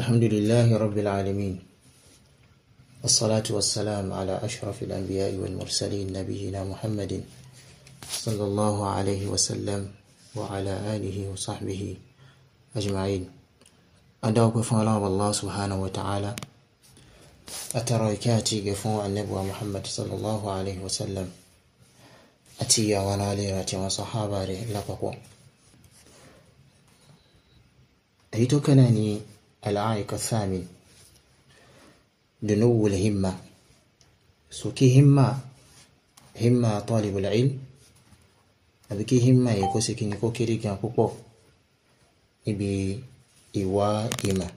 الحمد لله رب العالمين الصلاة والسلام على أشرف الأنبياء والمرسلين نبينا محمد صلى الله عليه وسلم وعلى آله وصحبه أجمعين أدعوك فعلا الله سبحانه وتعالى أتركاتي قفوا النبوة محمد صلى الله عليه وسلم أتي وناليرة وصحابة لقوا أيتو كناني العائق الثامن دنو الهمة سوكي همة همة طالب العلم أبكي همة يكوسي كي نكو كيري كي نكو إبي إيوا إما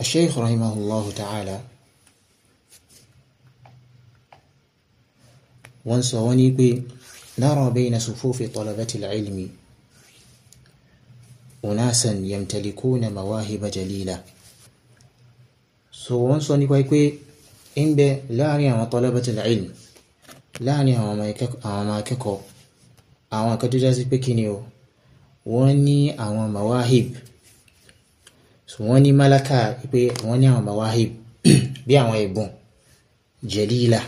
الشيخ رحمه الله تعالى وانسى ونيكي نرى بين صفوف طلبة العلم ọ̀nàṣàn yẹmtẹ̀lẹ̀kó na mawáhibà jalila so wọ́n sọ nípa pé ń bẹ láàrin àwọn talabatul ilm láàrin àwọn ọmọ akẹ́kọ̀ọ́ àwọn akẹ́kọ̀ọ́ tó já sí pé kí ni o wọ́n ní àwọn mawahib so wọ́n ní malaka pé wọ́n ní àwọn mawahib bí àwọn ẹ̀bùn jalila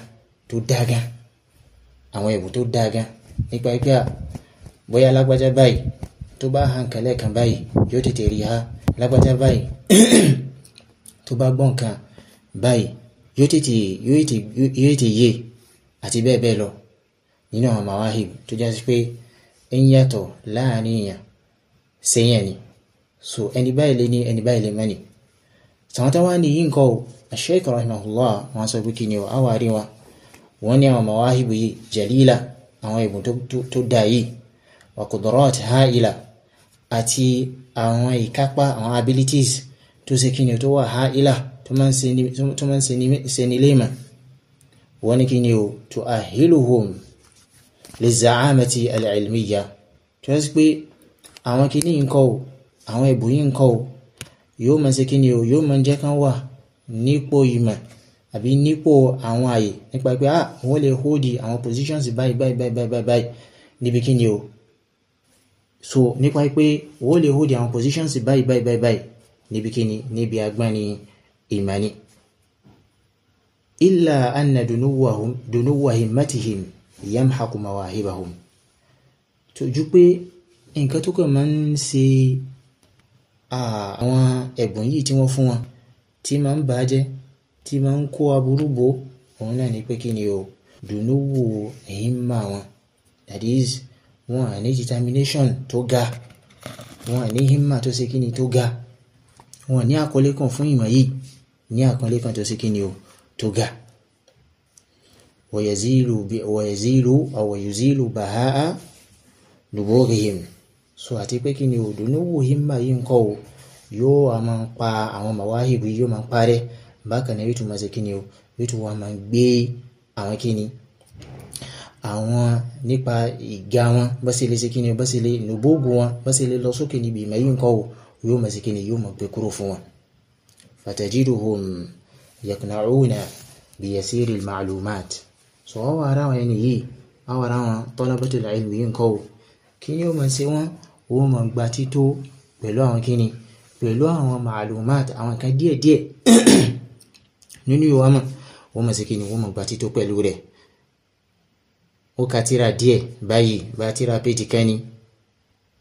tó dágan àwọn ẹ̀bùn tó dágan nípa pé bóyá alágbájá báyìí tó bá hàn kan lẹ́ẹ̀kan báyìí yóò tètè rí ha ah, lápátá báyìí tó bá gbọ́n kan báyìí yóò tètè yóò tètè yé àti bẹ́ẹ̀ bẹ́ẹ̀ lọ nínú àwọn mawahib tó jásí pé ń yàtọ̀ láàrin èèyàn sẹ́yìn ni so ẹni báyìí lé ní ẹni báyìí lé mẹ́ni tàwọn táwọn ní yìí ń kọ́ Sheikh rahimahullah wọn sọ pé kí ni àwọn àárín wa wọn ní àwọn mawahib yìí jalila àwọn ìbùn tó dáa yìí wa qudurat ha'ila àti àwọn ìkápá àwọn abilities tó ṣe kí ni tó wà háìlà tó máa ń ṣe ní léèmà wọ́n ní kí ni o tó àhílùhùn lè zàámẹ́tì alẹ́ẹ̀lmíyà tó yẹ́ sí pé àwọn kí ní nǹkan o àwọn ẹ̀bù yìí nǹkan o yóò máa ṣe kí ni o yóò máa jẹ́ kán wà nípò ìmọ̀ àbí nípò àwọn àyè nípa pé ah wọ́n lè hold àwọn positions báyìí báyìí báyìí báyìí níbi kí ni o so nípa pé o lè hold àwọn positions báyìí báyìí báyìí báyìí níbi kíni níbi agbáni ìmání. illa anna dunuwa himmatihim yamhaku mawahibahum tójú pé nǹkan tó kàn máa ń ṣe àwọn ẹ̀bùn yìí tí wọ́n fún wọn tí máa ń bàjẹ́ tí máa ń kó aburú bo òun náà ni pé kí o dùnúwò ẹ̀yìn mà wọn that is wọn à ní determination tó ga wọn à ní himma tó ṣe kíni tó ga wọn à ní àkọlé kan fún ìmọ̀ yìí ní àkọlé kan tó ṣe kíni o tó ga wọ̀yẹ̀zílù wọ̀yẹ̀zílù ọ̀wọ̀yẹ̀zílù bàhá lùbọ́rìhìm so àti pé kíni o dùnúwù himma yìí ń kọ́ o yóò a máa ń pa àwọn màwáhìbù yóò máa ń parẹ́ bákan náà yóò tún máa ṣe kíni o yóò tún wá máa ń gbé àwọn kíni àwọn nípa ìga wọn bọ́sẹ̀ lè ṣe kí ni bọ́sẹ̀ lè nùbóògù wọn bọ́sẹ̀ lè lọ sókè níbi ìmọ̀ yìí nǹkan o yóò mọ̀ sí kí ni yóò mọ̀ gbé kúrò fún wọn. fatajiduhum yaqna'una biyasiri al-ma'lumat sọ wọ́n wà ara wọn ẹni yìí wọ́n wà ara wọn talabatul ilmi yìí nǹkan o kí ni mọ̀ sí wọn ó mọ̀ gba tító pẹ̀lú àwọn kí pẹ̀lú àwọn ma'lumat àwọn kan díẹ̀díẹ̀ nínú ìwà mọ̀ ó mọ̀ sí kí ni mọ̀ gba tító pẹ̀lú rẹ̀ ó ka tírà díẹ̀ báyìí bá tírà péjì kẹ́ni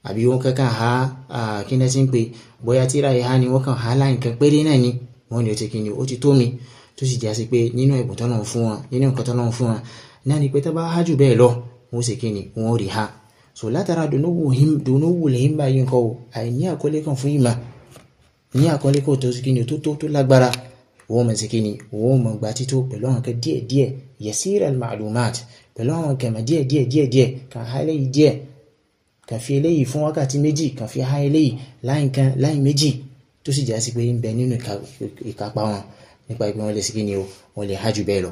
àbí wọ́n kankan ha kí ni ẹ ti ń pè bóyá tírà yìí ha ni wọ́n kàn ha láì nǹkan péré náà ni wọ́n ní o ti kí ni ó ti tó mi tó sì jásí pé nínú ẹ̀bùn tọ́nà fún wọn nínú nǹkan tọ́nà fún wọn náà ni pé tá bá há jù bẹ́ẹ̀ lọ wọ́n sì kí ni wọ́n rí ha so látara dùnúwù lẹ́yìn báyìí nǹkan o àìní àkọlé kan fún ìmà ní àkọlé kan tó sì kí ni tó tó tó lágbára wọ́n mọ̀ sí kí ni wọ́n mọ̀ gba tító pẹ̀lú àwọn kan díẹ̀ díẹ̀ yasir al-ma'lumat pẹ̀lú àwọn kan díẹ̀ díẹ̀ díẹ̀ díẹ̀ kan há eléyìí díẹ̀ kan fi eléyìí fún wákàtí méjì kan fi há eléyìí láì kan láì méjì tó sì já pé ń bẹ nínú ìkápá wọn nípa ìpín wọn lè sí ni o lè há bẹ́ẹ̀ lọ.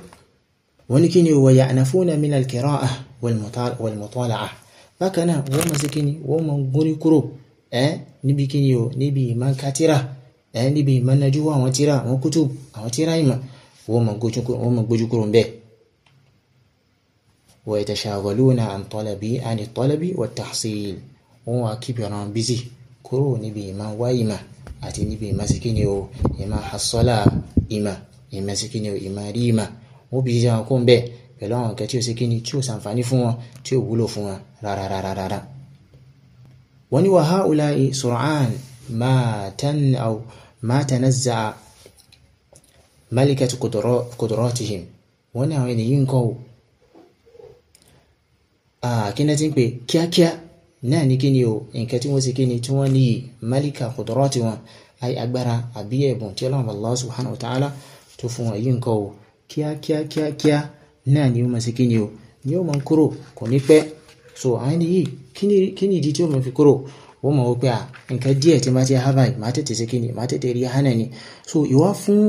wọ́n ní kí ni wa ya'nafuna min al-qira'ah wal wọ́n mọ̀ sí kí ẹ̀ níbi ìmọ̀nájú wọ àwọn tíra àwọn kútù àwọn tíra ìmọ̀ wọ́n mọ̀ gbójú kúrò ń bẹ̀. wa yatashaghaluna an talabi ani talabi wa tahsil wọ́n wá kíbi ọ̀nà bísí kúrò níbi ìmọ̀ wá ìmọ̀ àti níbi ìmọ̀ sí kí ni o ìmọ̀ hasọ́lá ìmọ̀ ìmọ̀ sí kí ni o ìmọ̀ rí ìmọ̀ wọ́n bí sísan kó ń bẹ̀ pẹ̀lú àwọn nǹkan tí ó tí ó sàǹfààní fún wọn tí ó wúlò fún wọn rárárárárá. wọ́n ní wa haula'i sur'an ma tan aw ma tanazza'a malikatu qudratihim wọ́n ní àwọn ènìyàn nǹkan o kíni ti ń pè kíákíá náà ní kíni o nǹkan tí wọ́n ṣe kíni tí wọ́n níyì malika qudrati wọn ay agbára àbí ẹ̀bùn tí ọlọ́run Allah subhanahu wa ta'ala tó fún wọn yìí nǹkan o kíákíá kíákíá náà ni wọ́n ṣe kíni o ni ó máa ń kúrò kò ní pẹ́ so àwọn ènìyàn kíni ìdí tí ó máa fi kúrò wọ́n mọ̀ wọ́n pé à nǹkan díẹ̀ tí máa ti ha báyìí máa tètè ṣe ni máa tètè rí hánà ni so ìwá fún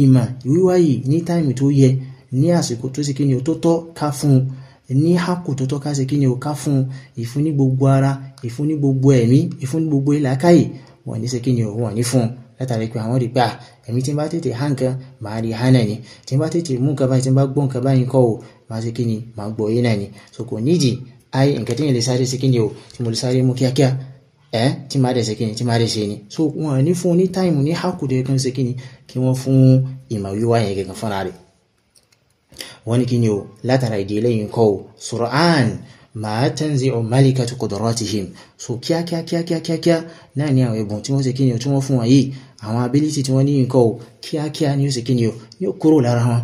ìmọ̀ wíwá yìí ní táìmù tó yẹ ní àsìkò tó ṣe ni o tó tọ́ ká fún un ní hákù tó tọ́ ká ṣe ni o ká fún un ìfún ní gbogbo ara ìfún ní gbogbo ẹ̀mí ìfún ní gbogbo ìlàkàyè wọ́n ní ṣe ni o wọ́n ní fún un látàrí pé àwọn rí pé ẹ̀mí tí n bá tètè há nǹkan máa rí hánà ni tí n bá tètè mú nǹkan báyìí tí n bá gbọ́ nǹkan báyìí kọ́ o máa ṣe kí ni máa gbọ́ yín náà ni so kò nídìí ayé nǹkan tí yẹn lè sáré ṣe kí ni o tí mo lè sáré mú kíákíá ẹ tí má dẹ̀ ṣe kíni tí má dẹ̀ ṣe ni so wọn ní fún ní táìmù ní hákùdé kan ṣe kíni kí wọ́n fún ìmọ̀ wíwá yẹn gẹ̀gẹ̀ fúnra rẹ̀ wọ́n ní kíni o látara ìdí eléyìí kọ́ o sur'an màá tẹ́ǹzì ọ malikatu qudratihim so kíákíákíákíákíá náà ní àwọn ẹ̀bùn tí wọ́n ṣe kíni o tí wọ́n fún wọn yìí àwọn ability tí wọ́n ní nǹkan o kíákíá ni ó ṣe kíni o ní ó kúrò lára wọn.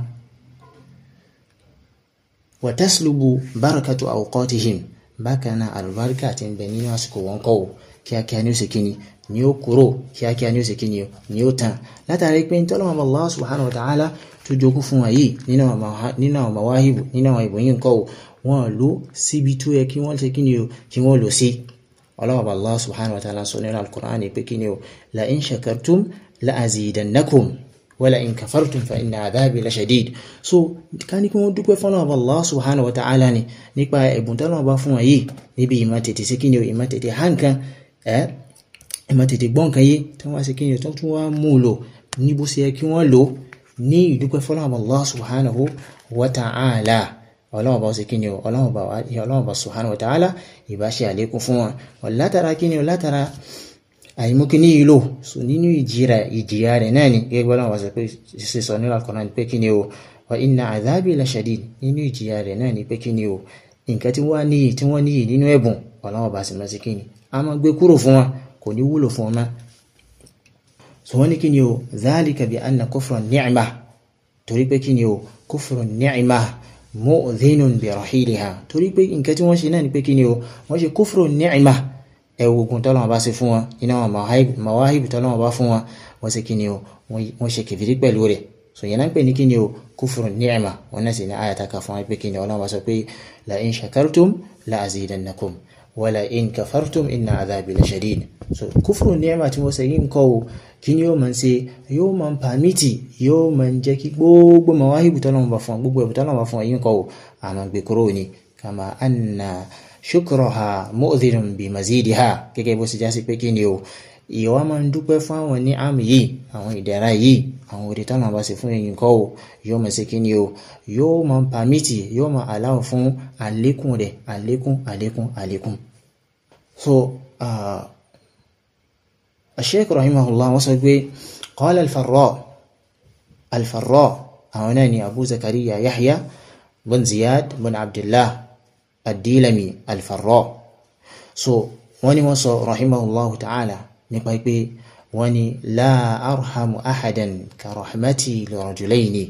wa taslubu barakatu awqatihim bákan náà àlùbáríkà ti ń bẹ nínú àsìkò wọn kọ́ o kíákíá ni ó ṣe kíni ni ó kúrò kíákíá ni ó ṣe kíni ni ó tàn látàrí pé ní tọ́lọ́mọ Allah subhanahu wa ta'ala tó jogún fún wa yìí nínú àwọn mawáhìbù nínú àwọn ìbòyìn nǹkan o wọn lò síbi tó yẹ kí wọ́n ṣe kíni o kí wọ́n lò sí ọlọ́mọba Allah subhanahu wa ta'ala sọ nínú al-Qur'an pé kíni o la in shakartum la azidannakum wala in kafartum fa inna adhabi la shadid so ká ní kí wọ́n dúpẹ́ fún ọlọ́mọba Allah subhanahu wa ta'ala ni nípa ẹ̀bùn tọ́lọ́mọba fún wa yìí níbi ìmọ̀ tètè sí kíni o ìmọ̀ tètè hàn kan ẹ ẹ máa tètè gbọ́ nǹkan yé tí wọ́n wá sí kí ni tó tún wá mú un lò ní bó ṣe yẹ kí wọ́n lò ní ìdúpẹ́ fọlọ́mọ Allah subhanahu wa ta'ala ọlọ́run bá ó ṣe kíni o ọlọ́run bá subhanahu wa ta'ala ìbá ṣe àlékún fún wọn ọ̀látara kíni ọ̀látara àìmú kíní yìí lò so nínú ìjìyà ìjìyà rẹ̀ náà ni gẹ́gẹ́ bọ́lá wọn ṣe sọ nínú Al-Qur'an pé kíni o wa inna adhabi la nínú ìjìyà rẹ̀ náà ni pé kíni o nǹkan tí wọ́n níyì tí wọ́n níyì nínú ẹ̀bùn ọlọ́run bá sì máa ṣe kíni a máa gbé kúrò fún wọn kò ní wúlò fún wọn mọ́ so wọ́n ní kí ni o zalika bi anna kufra ni'ma torí pé kí ni o kufra ni'ma mu'dhinun bi rahiliha torí pé nǹkan tí wọ́n ṣe náà ni pé kí ni o wọ́n ṣe kufra ni'ma ẹ̀wù ogun tọ́lọ́wọ́n bá ṣe fún wọn iná wọn mawáhìbù tọ́lọ́wọ́n bá fún wọn wọ́n ṣe kí ni o wọ́n ṣe kìfìrí pẹ̀lú rẹ̀ so yẹn náà pè ní kí ni o kufru ni'ma wọn náà sì ní àyàtà kan fún wọn pé kí ni ọlọ́wọ́n bá sọ pé la in shakartum la azidannakum wala in kafartum inna adhabi la so kúfùrù ni'ma tí wọ́n ṣe yìí ń kọ́ o kí ni yóò máa ń ṣe yóò máa ń pàmìtì yóò máa ń jẹ́ kí gbogbo màwáhìbù tọ́lọ́run bá fún gbogbo ẹ̀bù tọ́lọ́run bá fún yìí ń kọ́ o àmọ́ gbé kúrò ni kàmá anna shukroha mu'dhirun bi mazidiha gẹ́gẹ́ bó ṣe já sí pé kí ni o ìwà máa ń dúpẹ́ fún àwọn ní àmì yìí àwọn ìdẹ̀ra yìí àwọn òde tọ́nà bá ṣe fún ẹ̀yin kọ́ o yóò máa ṣe kí ni o yóò máa pàmìtì yóò máa aláwọ̀ fún so uh, Sheikh rahimahullah wọ́n sọ pé qala al-Farra al-Farra àwọn náà ni Abu Zakariya Yahya bin Ziyad bin Abdullah ad-Dilami al-Farra so wọ́n ni wọ́n sọ rahimahullah ta'ala nípa pé wọ́n ni la arhamu ahadan ka rahmati li rajulayni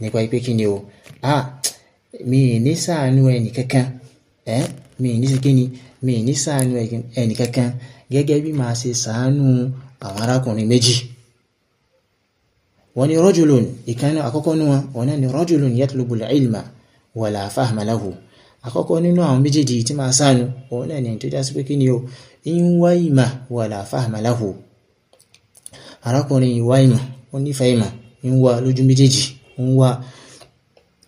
nípa pé kí ni o ah, mi ní ṣàánú ẹni kankan eh mi ni ṣe kíni mi ni ṣàánú ẹnì kankan gẹ́gẹ́ bí màá ṣe ṣàánú àwọn arákùnrin méjì wọ́n ní rọ́jùlùn ìkànnì àkọ́kọ́ nínú wọn wọ́n ní rọ́jùlùn yatlubul ilma wala fahma lahu àkọ́kọ́ nínú àwọn méjèèjì tí máa ṣàánú wọ́n náà ní tó jásí pé kí ni o ń wá ìmà wala fahma lahu arákùnrin ìwá ìmà ó nífẹ̀ẹ́ ìmà ń wá lójú méjèèjì ń wá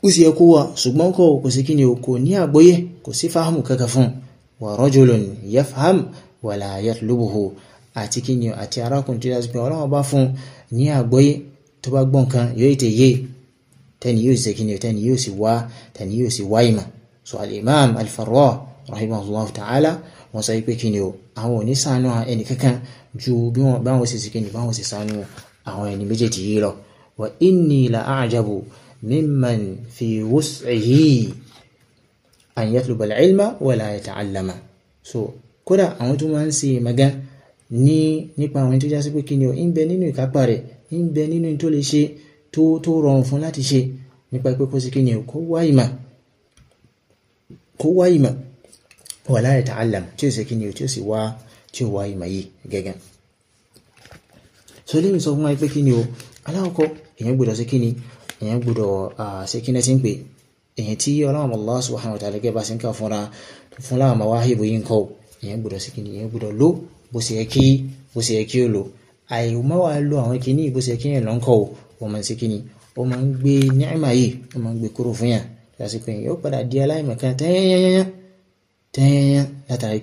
ó sì yẹ kó wà ṣùgbọ́n kọ́ kò sí kí ni o kò ní àgbọ́yé kò sí fáhàmù kankan fún wa rajulun yafham wala yatlubuhu àti kí ni àti arákùnrin tó yà sí pé ọlọ́wọ́n bá fún ní àgbọ́yé tó bá gbọ́n kan yóò tẹ̀ yé tẹ́ni yóò sì kí ni tẹ́ni yóò sì wá tẹ́ni yóò sì wá ìmọ̀ so al-imam al ta'ala wọ́n sọ pé kí ni o àwọn ò ní ṣàánú ẹnì kankan ju bí wọ́n báwọn sì sì kí ni báwọn sì ṣàánú àwọn ẹni méjèèjì yìí lọ wa inni la a'jabu ممن في وسعه an yatluba al-ilma wala yata'allama so kódà àwọn tó máa ń ṣe magan ní nípa àwọn tó já sí pé kíni o ń bẹ nínú ìkápá rẹ̀ ń bẹ nínú tó lè ṣe tó tó rọrùn fún láti ṣe nípa pé kó sí kíni o kó wá ìmà kó wá ìmà wala yata'allam tí ó sì kíni o tí ó sì wá tí ó wá ìmà yìí gẹ́gẹ́ so lẹ́yìn wa pé kíni o aláwọ̀kọ́ èèyàn gbọ́dọ̀ sí kíni ìyẹn gbọ́dọ̀ ṣe kí ní ti ń pè èyí tí ọlọ́run Allah subhanahu wa ta'ala gẹ́gẹ́ bá ṣe ń kà fúnra fún láwọn ọmọ wáhìbò yìí ń kọ́ ìyẹn gbọ́dọ̀ ṣe kí ní ìyẹn gbọ́dọ̀ ló bó ṣe yẹ kí bó ṣe yẹ kí ó lò àìmọ́ wa lo àwọn kìíní bó ṣe yẹ kí yẹn lọ́ ń kọ́ o máa ṣe kí ni ó máa ń gbé ní'mà yìí ó máa ń gbé kúrò fún yàn lásìkò yẹn yóò padà di aláìmọ̀kan tẹ́yẹ́yẹ́yẹ́ tẹ́yẹ́yẹ́ látàrí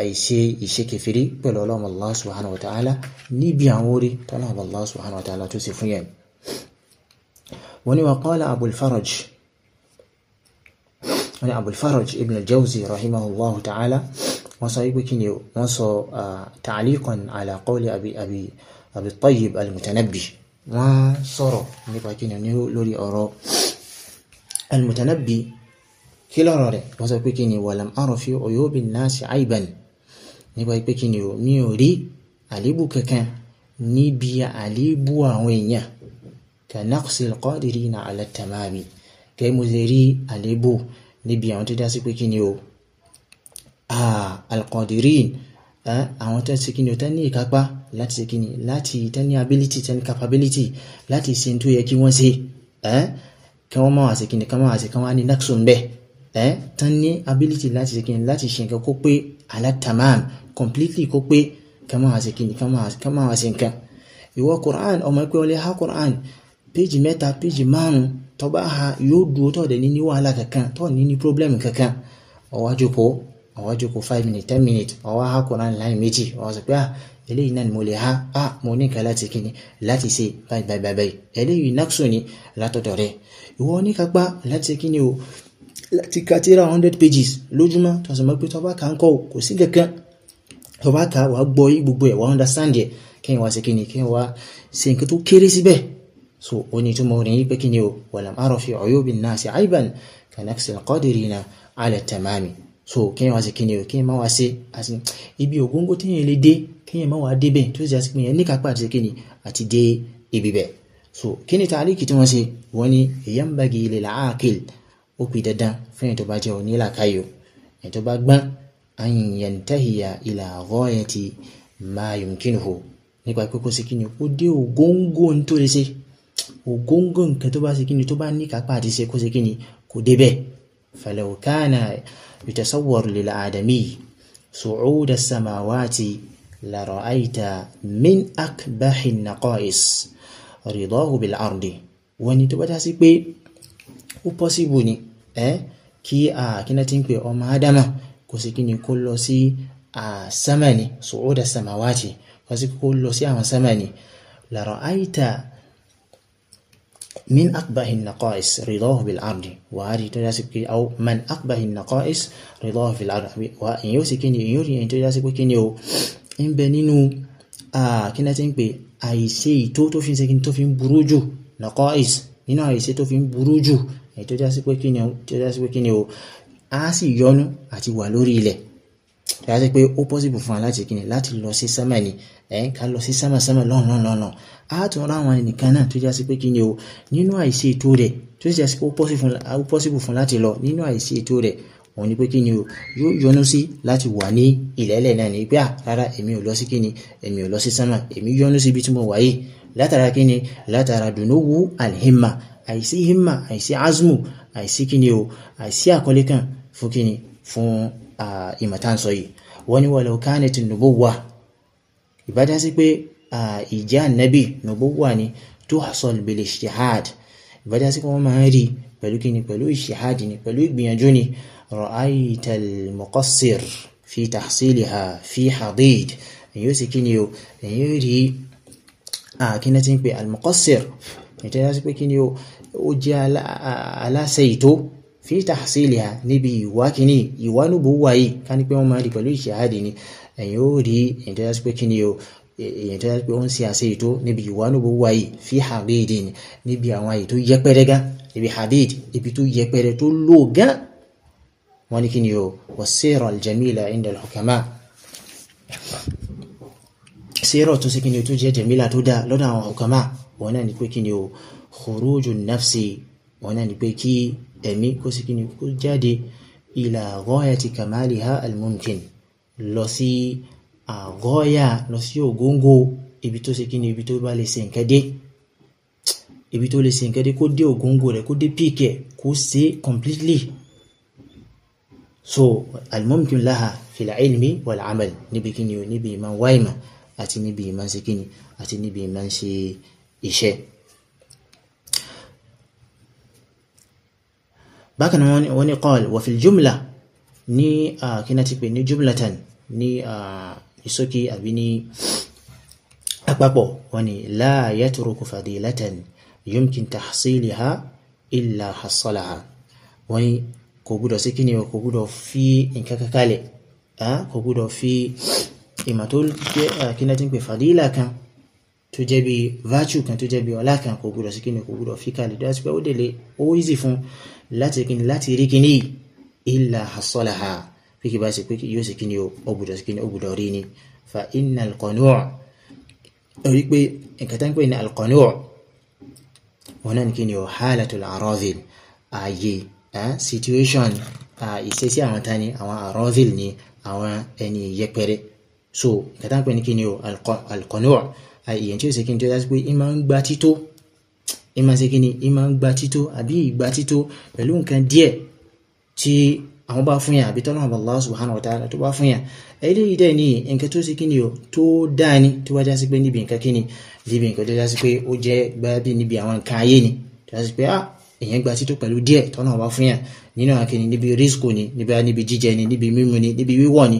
àìṣe ìṣekèfèrí pẹ̀lú ọlọ́run allah subhanahu wa ta'ala níbi àwọn orí tọ́lọ́run allah subhanahu wa ta'ala tó ṣe fún yẹn wọ́n ni wa qala abul faraj wọ́n ni abul faraj ibn al-jawzi rahimahullahu ta'ala wọ́n sọ wípé kí ni wọ́n sọ ta'aliqan ala qawli abi abi abi tayyib al-mutanabbi wọ́n sọ̀rọ̀ nípa kí ni lórí ọ̀rọ̀ al-mutanabbi kí lọ́rọ̀ rẹ̀ wọ́n sọ pé kí ni wàlám àròfin òyòbí náà sí àìbẹ̀ni nípa pé kí ni o mi ò rí àléébù kankan níbi àléébù àwọn èèyàn kanaqsi alqadirina ala tamami kẹ́ mo lè rí àléébù níbi àwọn tó dá sí pé kí ni o alqadirin àwọn tó ń ṣe kí ni o tán ní ìkápá láti ṣe kí ni láti tán ní ability tán ní capability láti ṣe tó yẹ kí wọ́n ṣe kí wọ́n máa ṣe kí ni kí wọ́n máa ṣe kí wọ́n á ní naqsun bẹ́ẹ̀ ẹ tán ní ability láti ṣe kíni láti ṣe nǹkan kó pé ala tamam completely kó pé kama wá ṣe kíni kama wá ṣe nǹkan ìwọ Quran ọmọ ẹgbẹ́ ọlẹ́ ha Quran péjì mẹ́ta péjì márùn tó ha yóò dúró tó dẹ̀ ní ní wàhálà kankan tó ní problem kankan ó wá jókòó ó wá jókòó five minute ten minute ó wá ha Quran láì méjì ó wá sọ pé ah eléyìí náà ni mo lè ha ah mo ní nǹkan láti kíni láti ṣe báyìí báyìí báyìí eléyìí náà sùn ní látọ̀dọ̀ rẹ̀ ìwọ oníkagbá láti kíni o láti ka tíra hundred pages lójúmọ́ tó sì mọ̀ pé tó bá kà ń kọ́ kò sí kankan tó bá kà wàá gbọ́ yí gbogbo ẹ̀ wàá understand ẹ̀ kẹ́yìn wá sí kíni kẹ́yìn wá sí nǹkan tó kéré síbẹ̀ so oní tó mọ orin yí pé kíni o walam ara fi uyubi nnasi aiban kanaksil qadirina ala tamami so kẹ́yìn wá sí kíni o kẹ́yìn má wá sí àti ibi ògóńgó téèyàn lè dé kẹ́yìn má wá débẹ̀ tó sì jásí pé yẹn so kíni tàlíkì tí wọ́n ṣe ní yambagi lil aaqil ó pè dandan fún ẹni tó bá jẹ́ onílàkàyè o ẹni tó bá gbọ́n an yantahiya ila ghayati ma yumkinuhu nípa pé kó ṣe kí ni ó dé ògóńgó ń tó lè ṣe ògóńgó nǹkan tó bá ṣe kí ni tó bá ní kápá àti ṣe kó ṣe kí kò débẹ̀ falaw kana yutasawwaru lil adami su'uda samawati la ra'aita min akbahi naqais ridahu bil ardi wọ́n ní tó bá dá sí pé ó pọ́síbù ni ẹ́ eh, kí kíná ti ń pè ọmọ ádámà kò sí kí ni kó lọ sí sámánì sòódà sàmáwáàtì kò sí kó lọ sí àwọn sámánì la ra'ayta min akbahi naqais ridahu bil ardi wà á rí tó yá sí pé aw man akbahi naqais ridahu bil ardi wà èyí ó sì kí ni èyí ó rí èyí tó yá o ń bẹ nínú kíná ti ń pè àìṣe ìtó tó fi ń segin tó fi ń burú jù naqais nínú àìṣe tó fi ń burú èyí tó jásí pé kíni o tó jásí pé kíni o a sì yọnu àti wà lórí ilẹ̀ tó jásí pé ó pọ́sibù fún wa láti kíni láti lọ sí sámà ni ẹ̀ ká lọ sí sámà sámà lọ́nà lọ́nà a tún ra àwọn ẹnìkan náà tó jásí pé kíni o nínú àìsí ètò rẹ̀ tó sì jásí pé ó pọ́sibù fún láti lọ nínú àìsí ètò rẹ̀ òun ni pé kí ni o yóò yọnu sí láti wà ní ìlẹ́lẹ̀ náà ní pé à rárá èmi ò lọ sí kíni èmi ò lọ sí sánmà èmi yọnu sí ibi tí mo wà yìí látara kíni látara dùnúwú alhima àìsí himma àìsí azmu àìsí kíni o àìsí àkọlé kan fún kíni fún ìmọ̀tánsọ yìí wọ́n ní walau kanat nubuwwa ìbájá sí pé ìjẹ́ ànábì nubuwwa ni tuhsal bil ijtihad ìbájá sí pé wọ́n máa ń rí pẹ̀lú kíni pẹ̀lú ijtihad ni pẹ̀lú ìgbìyànjú ni ra'aytal muqassir fi tahsiliha fi hadid èyí ó sì kíni o èyí ó rí kíni tí ń pè al muqassir ìtẹ́já sí pé kíni o ó jẹ́ aláṣẹ ìtó fi tahsiliha níbi ìwá kìíní ìwá nùbù wáyé ká ní pé wọ́n máa rí pẹ̀lú ìṣèhádì ni ẹ̀yin ó rí ẹ̀yin tó yá sí pé kí ni o e, èyàn tó yẹ pé ó ń ṣe àṣe ètò níbi ìwánúbó wáyé fi hadid ni níbi àwọn àyè tó yẹpẹrẹ gan níbi hadid ibi tó yẹpẹrẹ tó lò gan wọn ni kí ni o wasira aljamila inda alhukama sira tó ṣe kí ni o tó jẹ jamila tó dáa lọ́dọ̀ àwọn hukama wọn náà ni pé kí ni o khuruju nafsi wọn náà ni pé kí ẹ̀mí kó sì kí ni kó jáde ila ghayati kamaliha almumkin lọ sí àgọ́yà lọ sí ògóńgó ibi tó ṣe kí ni ibi tó bá lè ṣe nǹkan dé ibi tó lè ṣe nǹkan dé kó dé ògóńgó rẹ̀ kó dé píìkì kó ṣe completely so almumkin laha fil ilmi wal amal níbi kí ni o níbi ìmọ̀ wáìmọ̀ àti níbi ìmọ̀ ṣe kí ni àti níbi ìmọ̀ ṣe iṣẹ́. bákan náà wọ́n ní qal wa fil jumla ní kíná ti pè ní jumlatan ní ìsókè àbí ní àpapọ̀ wọ́n ní la yatruku fadilatan yumkin tahsiliha illa hassalaha wọ́n ní kò gbúdọ̀ sí kí ni kò gbúdọ̀ fi nǹkan kankalẹ̀ kò gbúdọ̀ fi ìmọ̀ kíná ti pè fadila kan tó jẹ́ bí virtue kan tó jẹ́ bí ọlá kan kò gbúdọ̀ sí kíni kò gbúdọ̀ fi kalẹ̀ dájú pé ó délé ó easy fún láti kíni láti rí kíni illa hasalaha pé kí bá ṣe pé yóò ṣe kíni ó gbúdọ̀ sí kíni ó gbúdọ̀ rí ni fa inna alqanu' rí pé nǹkan tó ń pè ní alqanu' wọn náà ní kíni ó halatul aradhil ààyè situation ìṣesí àwọn tani àwọn aradhil ni àwọn ẹni yẹpẹrẹ so nǹkan tó ń ní kíni ó alqanu' èèyàn tí ó ṣe kí ni tó yàtọ̀ pé ẹ máa ń gba tító ẹ máa ṣe kí ni ẹ máa ń gba tító àbí ìgbà tító pẹ̀lú nǹkan díẹ̀ tí àwọn bá fún yàn àbí tọ́lá Allah subhanahu wa ta'ala tó bá fún yàn eléyìí dẹ̀ ní nǹkan tó ṣe kí ni o tó dáa ni tó bá já pé níbi nǹkan kí ni níbi nǹkan tó já sí pé ó jẹ́ gbábí níbi àwọn nǹkan ayé ni tó já sí pé ah èèyàn gba tító pẹ̀lú díẹ̀ tọ́nà wá fún yàn nínú àwọn kìnnì níbi rísíkò ni níbi níbi jíjẹ ni níbi mímu ni níbi wíwọ̀ ni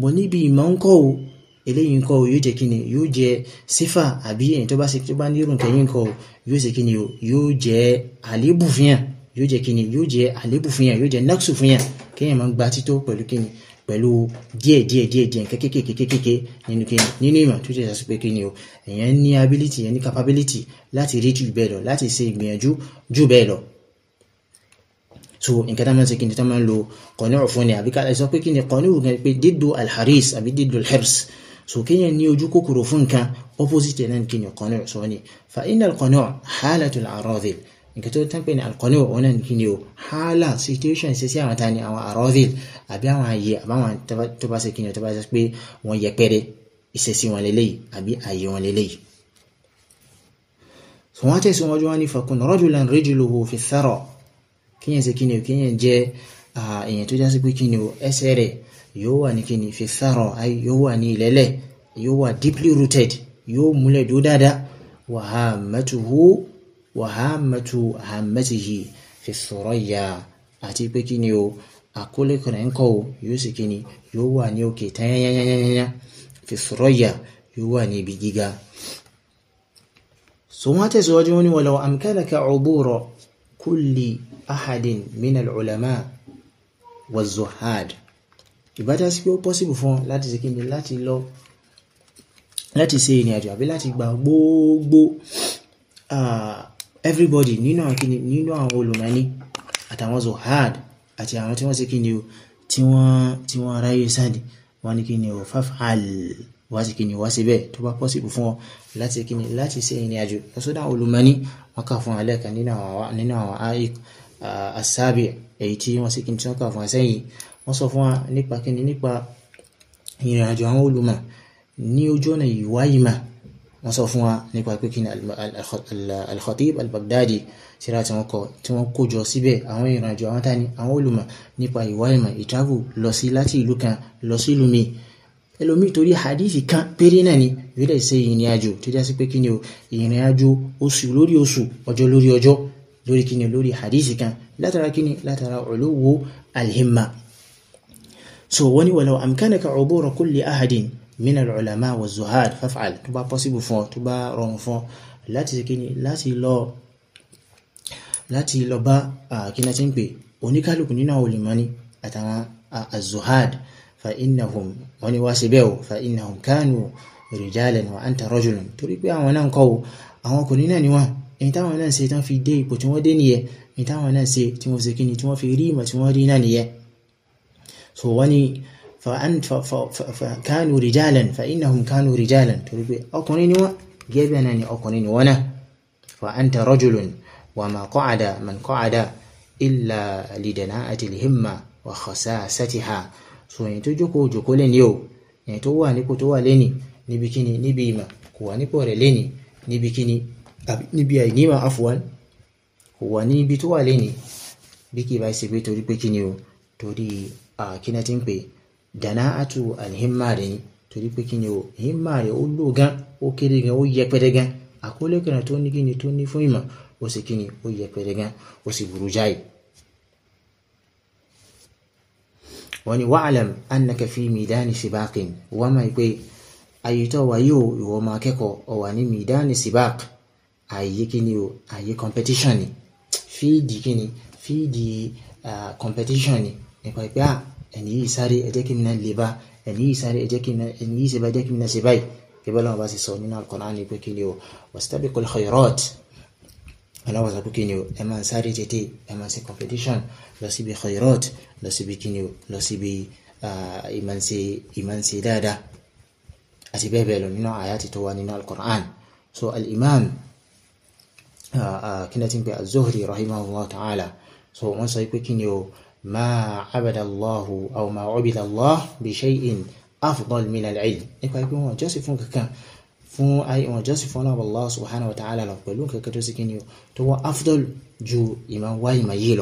bọ̀ níbi ìmọ̀ ń o eléyìí ńkọ́ o yóò jẹ́ kí ni yóò jẹ́ sífà àbí ẹni tó bá ṣe tó bá ní irun kẹyìn ńkọ́ o yóò ṣe kí ni o yóò jẹ́ àléébù fún yàn yóò jẹ́ kí ni yóò jẹ́ àléébù fún yàn yóò jẹ́ náksù fún kéèyàn máa ń gba tító pẹ̀lú kí ni pẹ̀lú díẹ̀ díẹ̀ díẹ̀ díẹ̀ nǹkan nínú kí nínú ìmọ̀ tó jẹ́ sọ kí ni o èèyàn ní ability èèyàn ní capability láti rí jù bẹ́ẹ̀ lọ láti ṣe ìgbìyànjú jù bẹ́ẹ̀ lọ so nǹkan tá máa ń ṣe kí ni tá máa ń lo kọ́nìrò fún ni àbí ká sọ pé kí ni kọ́nìrò gan pé dídò alharis àbí dídò alhers so kéèyàn ní ojú kòkòrò fún nǹkan opposite náà kéèyàn kọ́ni ọ̀sọ́ ni fa inna al-qanu' halatul aradhil nǹkan tó tán pé ní al-qanu' òun náà kí ni o hálà situation ṣe sí àwọn ta ni àwọn aradhil àbí àwọn ààyè àbáwọn tó bá ṣe kí ni tó bá ṣe pé wọ́n yẹpẹrẹ ìṣesí wọn lélẹ́yìí àbí ààyè wọn lélẹ́yìí wọ́n wọn ní fakun rajulan rijluhu fi thara kíyàn ṣe kí ni o kíyàn yóò wà ní kíni fi thara yóò wà ní ilẹ̀lẹ̀ yóò wà deeply rooted yóò múlẹ̀ dó dáadáa wa hammatuhu wa hammatu hammatihi fi thuraya àti pé kíni o àkólé kọ̀ọ̀rẹ́ ńkọ́ o yóò sì kíni yóò wà ní òkè tányányányányá fi thuraya yóò wà ní ibi gíga ثم تزوجون ولو أمكنك عبور كل أحد من العلماء والزهاد ìbájá sí pé ó pọ́sìbù fún wọn láti ṣe kíni láti lọ láti ṣe ìrìn àjò àbí láti gba gbogbo everybody nínú àwọn kíni nínú àwọn olùmọ̀ni àtàwọn zohad àti àwọn tí wọ́n ṣe kíni o tí wọ́n tí wọ́n ráyè sáàdì wọ́n ní kíni o fafal wá sí kíni wá sí bẹ́ẹ̀ tó bá pọ́sìbù fún wọn láti ṣe kíni láti ṣe ìrìn àjò lọ́sọ́dọ̀ àwọn wọ́n kà fún alẹ́ kan nínú àwọn nínú àwọn aik asabi èyí tí wọ́n ṣe kíni tí wọ́n kà fún ẹsẹ́yìn wọ́n sọ fún wa nípa kíni nípa ìrìn àjò àwọn olùmọ̀ ní ojú ọ̀nà ìwáyìmọ̀ wọ́n sọ fún wa nípa pé kíni al-Khatib al-Baghdadi síra tí wọ́n kọ tí wọ́n kó jọ síbẹ̀ àwọn ìrìn àjò àwọn tani àwọn olùmọ̀ nípa ìwáyìmọ̀ ìtàbù lọ sí láti ìlú kan lọ sí ìlú míì ẹlòmí torí hadithi kan péré náà ni ìrẹ́ ìṣe ìrìn àjò tó jásí pé kíni o ìrìn àjò oṣù lórí oṣù ọjọ́ lórí ọjọ́ lórí kíni lórí hadithi kan látara kíni látara uluwu al-himma so wọ́n ní walaw amkanaka ubura kulli ahadin min al-ulama wa zuhad faf'al tó bá possible fún ọ tó bá rọrùn fún ọ láti ṣe kíni láti lọ láti lọ bá kíná tí ń pè oníkálukú nínú àwọn olùmọ́ni àtàwọn az-zuhad fa innahum wọ́n ní wá sí bẹ́ẹ̀ o fa innahum kanu rijalan wa anta rajulun torí pé àwọn náà ń kọ́ o àwọn ni wọ́n èyí táwọn náà ń ṣe fi dé ipò tí wọ́n dé nìyẹn èyí táwọn náà ń ṣe tí wọ́n ṣe kíni tí wọ́n fi rí ìmọ̀ tí wọ́n rí náà nìyẹn so wani kánú rijalan fa innahum kánú rijalan torí pé ọkùnrin ni wọ́n gẹ́gẹ́ bẹ́ẹ̀ náà ni ọkùnrin ni wọ́n náà fa anta rajulun wa ma qa'ada man qa'ada illa lidana'ati al-himma wa khasasatiha so èyí tó jókòó jókòó lẹ́ni o èyí tó wà nípò tó wà lẹ́ni níbi kíni níbi ìmọ̀ kò wà nípò rẹ̀ lẹ́ni níbi kíni níbi àìníma afuwan kò wà níbi tó wà lẹ́ni bí kì í bá ṣe pé torí pé kíni o torí kí náà ti ń pè janaatu alhimma rẹ̀ ni torí pé kí ni o himma rẹ̀ ó lò gan ó kéré gan ó yẹpẹrẹ gan àkọlé kan tó ní kí ni tó ní fún ìmọ̀ ó sì kí ni ó yẹpẹrẹ gan ó sì burú jáì. wọ́n ní wa'lam annaka fi midani sibaqin wọ́n máa ń pè àyètọ́ wa yóò ìwọ ọmọ akẹ́kọ̀ọ́ ọ̀wà ní midani sibaq àyè kí ni o àyè competition ni fíìdì kí ni fíìdì competition ni nípa ìpè à ẹni yìí sáré ẹ jẹ́ kí mi náà lè bá ẹni yìí sáré ẹ jẹ́ kí mi náà ẹni yìí ṣe bá ẹ jẹ́ kí mi náà ṣe báyìí kí bọ́lá wọn bá ṣe sọ nínú Al-Qur'an ni pé kí ni o wastabiqul khairat aláwọ̀ sọ pé kí ni o ẹ máa ń sáré tètè ẹ máa ń ṣe competition lọ síbi khairat lọ síbi kí ni o lọ síbi ìmọ̀ǹṣe ìmọ̀ǹṣe dáadáa àti bẹ́ẹ̀ bẹ́ẹ̀ lọ nínú àyátì tó wà so al-imam kí ni a ti ń ta'ala so wọ́n sọ pé kí o. ما عبد الله أو ما عبد الله بشيء أفضل من العلم nípa pé wọn jọ́sìn fún kankan fún ayé wọn jọ́sìn fún ọlọ́run Allah subhanahu wa ta'ala lọ pẹ̀lú kankan tó sì kí ni o ju ìmọ̀ wá ìmọ̀ yìí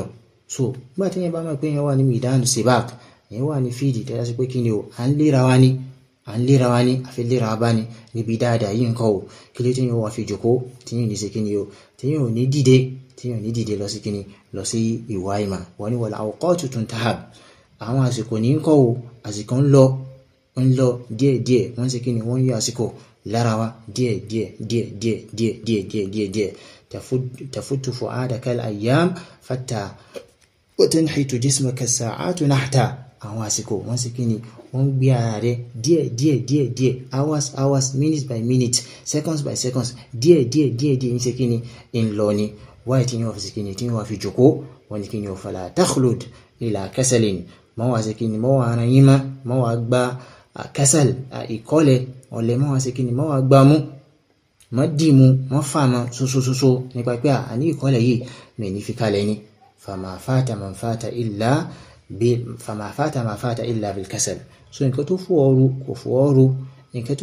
so nígbà tí yẹn bá mọ̀ pé yẹn wà ní midanu sibak yẹn wà ní fídì tó yàtọ̀ pé kí ni o à ń léra wa ní à ń léra wa ní àfi léra wa bá ní níbi dáadáa yìí fi jòkó tí yẹn ò ní ṣe kí ni o tíyàn ní dìde lọ sí kíni lọ sí ìwà ìmọ̀ wọ́n ní wọ́n làwọn kọ́ tuntun tahab àwọn àsìkò ní ń kọ́ o àsìkò ń lọ ń lọ díẹ̀ díẹ̀ wọ́n ṣe kíni wọ́n yọ àsìkò lára wa díẹ̀ díẹ̀ díẹ̀ díẹ̀ díẹ̀ díẹ̀ díẹ̀ díẹ̀ díẹ̀ tafutu fu'adaka al fata wa tanhitu jismaka as-sa'atu nahta àwọn àsìkò wọ́n ṣe kíni wọ́n ń gbé ara rẹ díẹ̀ díẹ̀ díẹ̀ díẹ̀ hours hours minutes by minutes seconds by seconds díẹ̀ díẹ̀ díẹ̀ díẹ̀ ń ṣe kíni ń lọ ni wáyé tí yóò fi sí kíni tí yóò fi jòkó wọn ni kíni ò fala takhlud ila kasalin mọ́ wá sí kíni mọ́ wá ara yín má mọ́ wá gba kasal ìkọ́lẹ̀ ọ̀lẹ́ mọ́ wá sí kíni mọ́ wá gbá mú mọ́ dì mú mọ́ fà mọ́ sosososo nípa pé àní ìkọ́lẹ̀ yìí mi ní fi kalẹ̀ ni fama fata man fata illa bi fama fata man fata illa bil kasal so nǹkan tó fò ọrù kò fò ọrù nǹkan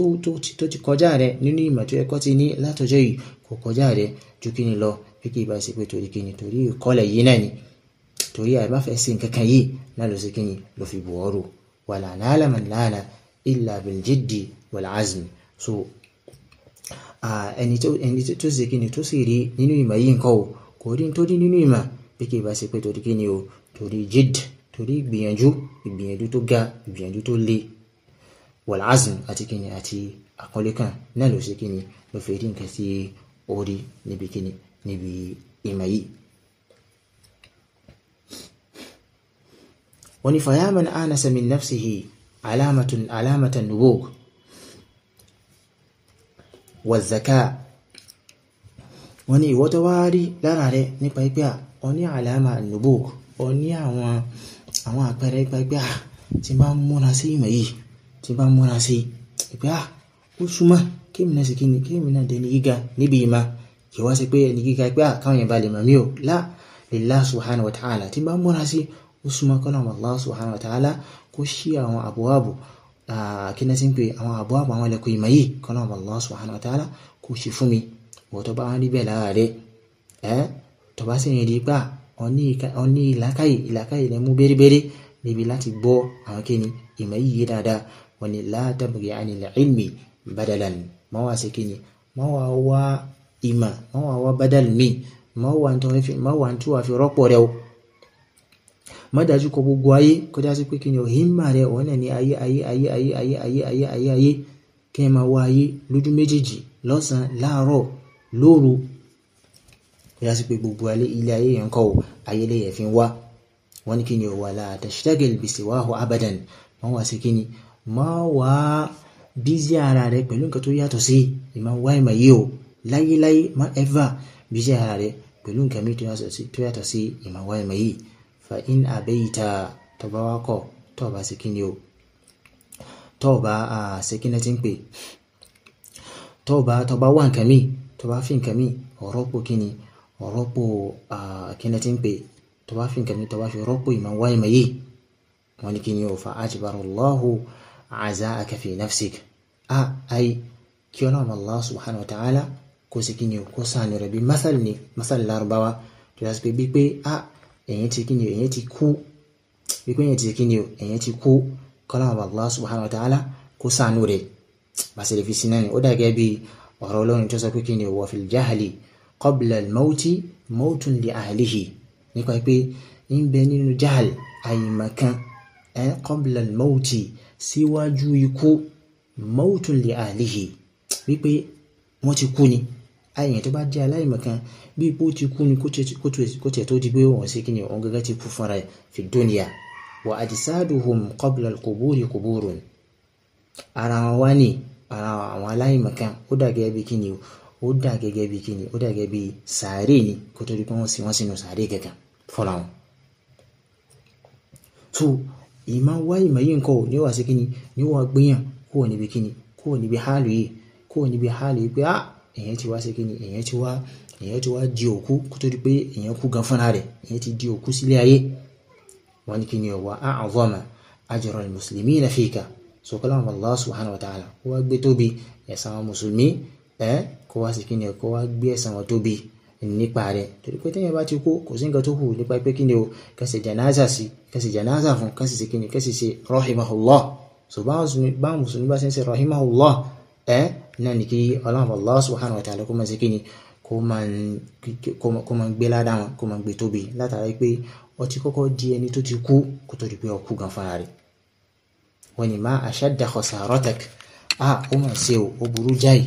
tó ti kọjá rẹ nínú ìmọ̀ tó yẹ ti ní látọjọ́ yìí kò kọjá ju kí ni bí kì í bá ṣe pé torí kí ni torí ìkọlẹ̀ yìí náà ni torí àìbá fẹ́ sí nǹkan kan yìí náà ló ṣe kí ni ló fi bọ̀ ọ́rọ̀ wala nala man nala illa bil jiddi wal azmi so ẹni tó ṣe kí ni tó sì rí nínú ìmọ̀ yìí nǹkan o kò rí tó rí nínú ìmọ̀ bí kì ṣe pé torí kí o torí jidd torí ìgbìyànjú ìgbìyànjú tó ga ìgbìyànjú tó le wal azmi àti kí àti àkọlé kan náà ló ṣe kí ló fi rí nǹkan sí orí níbi kí ni níbi ìmọ̀ yìí wọ́n ni fayaman anasa min nafsihi alamatun alamatan nubuwah wàzàká wọ́n ní ìwọ tó wá rí lára rẹ nípa ẹgbẹ́ à ọ ní àlàmà nùbò ọ ní àwọn àwọn àpẹẹrẹ ẹgbẹ́ ẹgbẹ́ à tí bá ń múra sí ìmọ̀ yìí tí náà sì kí ni kéèmì náà dẹni gíga níbi ìmọ̀ kì wá sí pé ẹni gíga pé àkáwọn yẹn bá lè mọ̀ mí o lá lillah subhanahu wa ta'ala tí bá múra sí ó súnmọ́ kọ́nà Allah subhanahu wa ta'ala kó ṣí àwọn àbúwàbù kí náà ti ń pè àwọn àbúwàbù àwọn ẹlẹ́kọ̀ọ́ ìmọ̀ yìí kọ́nà Allah subhanahu wa ta'ala kó ṣe fún mi wọ́n tó bá wọn rí bẹ́ẹ̀ lára rẹ̀ ẹ́ tó bá sì rìn rí gbà ọ ní ìlàkàyè ìlàkàyè rẹ̀ bẹ́rẹ́bẹ́rẹ́ níbi láti gbọ́ àwọn kíni ìmọ̀ yìí yé dáadáa wọ́n ní la tabghi 'anil ilmi badalan mọ́ wá sí kíni mọ́ wá wá ìmà wọ́n wà wá bádàlì míì má wà ń tó wà fi rọ́pò rẹ o má dájú kọ gbogbo ayé kọjá sí pé kí ni òhìnmà rẹ òun náà ní ayé ayé ayé ayé ayé ayé ayé ayé ayé kí ẹ máa wá ayé lójú méjèèjì lọ́sàn-án láàárọ̀ lóru kọjá sí pé gbogbo ilé ayé yẹn kọ́ ayé lẹ́yẹ̀ fi wá wọ́n ní kí ni òwà la tashtagil bisiwahu abadan wọ́n wá sí kí ni má wàá bízí ara rẹ pẹ̀lú nǹkan tó yàtọ̀ sí ìmọ̀ wá ìmọ̀ yìí o láyéláyé má ẹ̀fà bíṣẹ́ ara rẹ pẹ̀lú nǹkan mi tó yàtọ̀ sí ìmọ̀wá ìmọ̀ yìí fa in abẹ́yìíta tọba wa kọ̀ tọba sí kí ni o tọba sí kí ni ti ń pè tọba tọba wà nǹkan mi tọba fi nǹkan mi ọ̀rọ̀pọ̀ kí ni ọ̀rọ̀pọ̀ kí ni ti ń pè tọba fi nǹkan mi tọba fi rọ́pò ìmọ̀wá ìmọ̀ yìí wọ́n ní o fa ajibara allahu aza nafsik a ai kí allah subhanahu wa ta'ala kó ṣe kí ni o kó sànù rẹ̀ bí masal ni masal Lárúbáwá tó yà sí pé bí pé a èyàn ti kí ni o èyàn ti kú bí pé èyàn ti kí ni ti kú kọ́lá àwọn Allah subhanahu wa ta'ala kó sànù rẹ̀ fi sí ni ó dàgẹ́ bí ọ̀rọ̀ Ọlọ́run tó sọ pé kí ni jahali qabla al-mawti mawtun li nípa pé ń bẹ nínú jahal àyìnmọ̀kan ẹ̀ qabla al síwájú ikú mawtun li ahlihi wípé wọ́n ti kú ni àyàn tó bá jẹ́ aláìmọ̀kan bí ipò ti kú ni kó tiẹ̀ tó di pé wọ́n ṣe kíni òun gẹ́gẹ́ ti kú fúnra fi dúnìyà wà àdìsáàdùhùn qabla al-quburi quburun ara wọn wá ní ara àwọn aláìmọ̀kan ó dà gẹ́gẹ́ bí kíni ó dà gẹ́gẹ́ bí kíni ó dà gẹ́gẹ́ bí sàárè ni kó tó di pé wọ́n sì wọ́n sínú sàárè kankan fúnra wọn. so ìmọ̀ wá ìmọ̀ yìí nǹkan ò ní wà sí kíni ní wà gbìyàn kúrò níbi kíni kúrò níbi hálù yìí kúrò níbi hálù yìí pé ah èyàn ti wá ṣe kíni èyàn ti wá èyàn ti wá di òkú kó tó di pé èyàn kú gan fúnra rẹ̀ èyàn ti di òkú sílé ayé wọn ni kíni ọwọ a'zama ajra al-muslimina fika sọkọlá wọn Allah subhanahu wa ta'ala kó wá gbé tóbi ẹ̀san àwọn mùsùlùmí ẹ kó wá ṣe kíni ẹ kó wá gbé ẹ̀san wọn tóbi nípa rẹ̀ torí pé téèyàn bá ti kú kò sí nǹkan tó kù nípa pé kíni o kẹsì janaza sí kẹsì janaza fún kẹsì sí kíni kẹsì sí rahimahullah so báwọn mùsùlùmí bá ṣe ń ṣe rahimahullah ẹ náà ni kí ọlọ́run Allah subhanahu wa ta'ala kó máa ṣe kí ni kó máa gbé ládàá wọn kó máa gbé tóbi látara pé ó ti kọ́kọ́ di ẹni tó ti kú kó tó di pé ó gan fúnra rẹ̀ wọ́n ní ma ashadda khasaratak a ó mà ṣe o ó burú jáì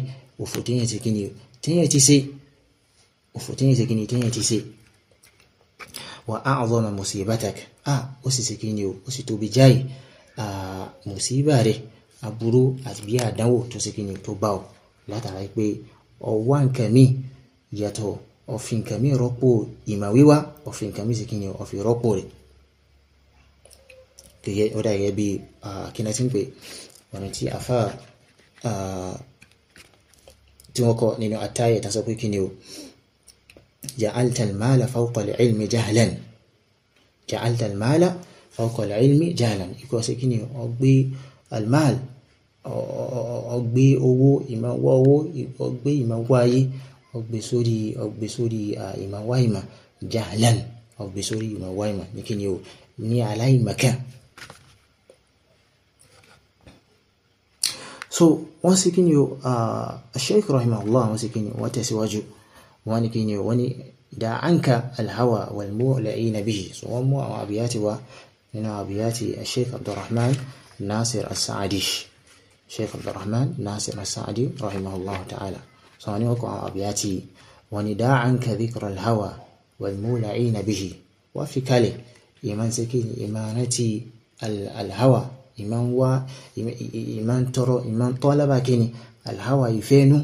òfò téèyàn ti kí ni téèyàn ti ṣe òfò téèyàn ti kí ni téèyàn ti ṣe wa a'zama musibatak a ó sì ṣe kí ni o ó sì tóbi jáì musiba rẹ̀ aburú àti bí àdánwò tó ṣe kíni tó bá ọ látara pé ọwọ́ nǹkan mi yàtọ̀ ọ̀fin nǹkan mi rọ́pò ìmọ̀ wíwá ọ̀fin nǹkan mi ṣe kíni ọ̀fin rọ́pò rẹ̀ kìí ọ̀dà yẹ bí kíni ti ń pè ọ̀nà tí afa tí wọ́n kọ́ nínú àtàyè tá a sọ pé kíni o ja'alta al-mala fawqa ilmi jahlan ya al-mala fawqa al-ilmi jahlan ikú ọ̀sẹ̀ kíni ọgbẹ́. almal ọgbẹ owó ìmọ̀wá owó ọgbẹ ìmọ̀wá ayé ọgbẹ sórí ọgbẹ sórí ìmọ̀wá ìmọ̀ jahlan ọgbẹ sórí ìmọ̀wá ìmọ̀ ní o ní aláìmọ̀kan. so wọ́n sì kí ni o Sheikh rahimahullah wọ́n sì kí ni wọ́n tẹ̀síwájú wọ́n ní kí ni o wọ́n ní da anka alhawa wal mu'laina bihi so wọ́n mú àwọn àbíyá wá nínú àbíyá ti Sheikh Abdurrahman. nasir asaadi sheikh abdulrahman nasir asaadi rahimahullah ta'ala sọ ni wọ́n kọ́ àwọn àbíyàtì wọn ni dáa an ka dhikra alhawa walmula ina bihi wọ́n fi kalẹ̀ iman sikin imanati alhawa iman wa iman tọrọ iman tọ́lábà kini alhawa ìfẹ́nu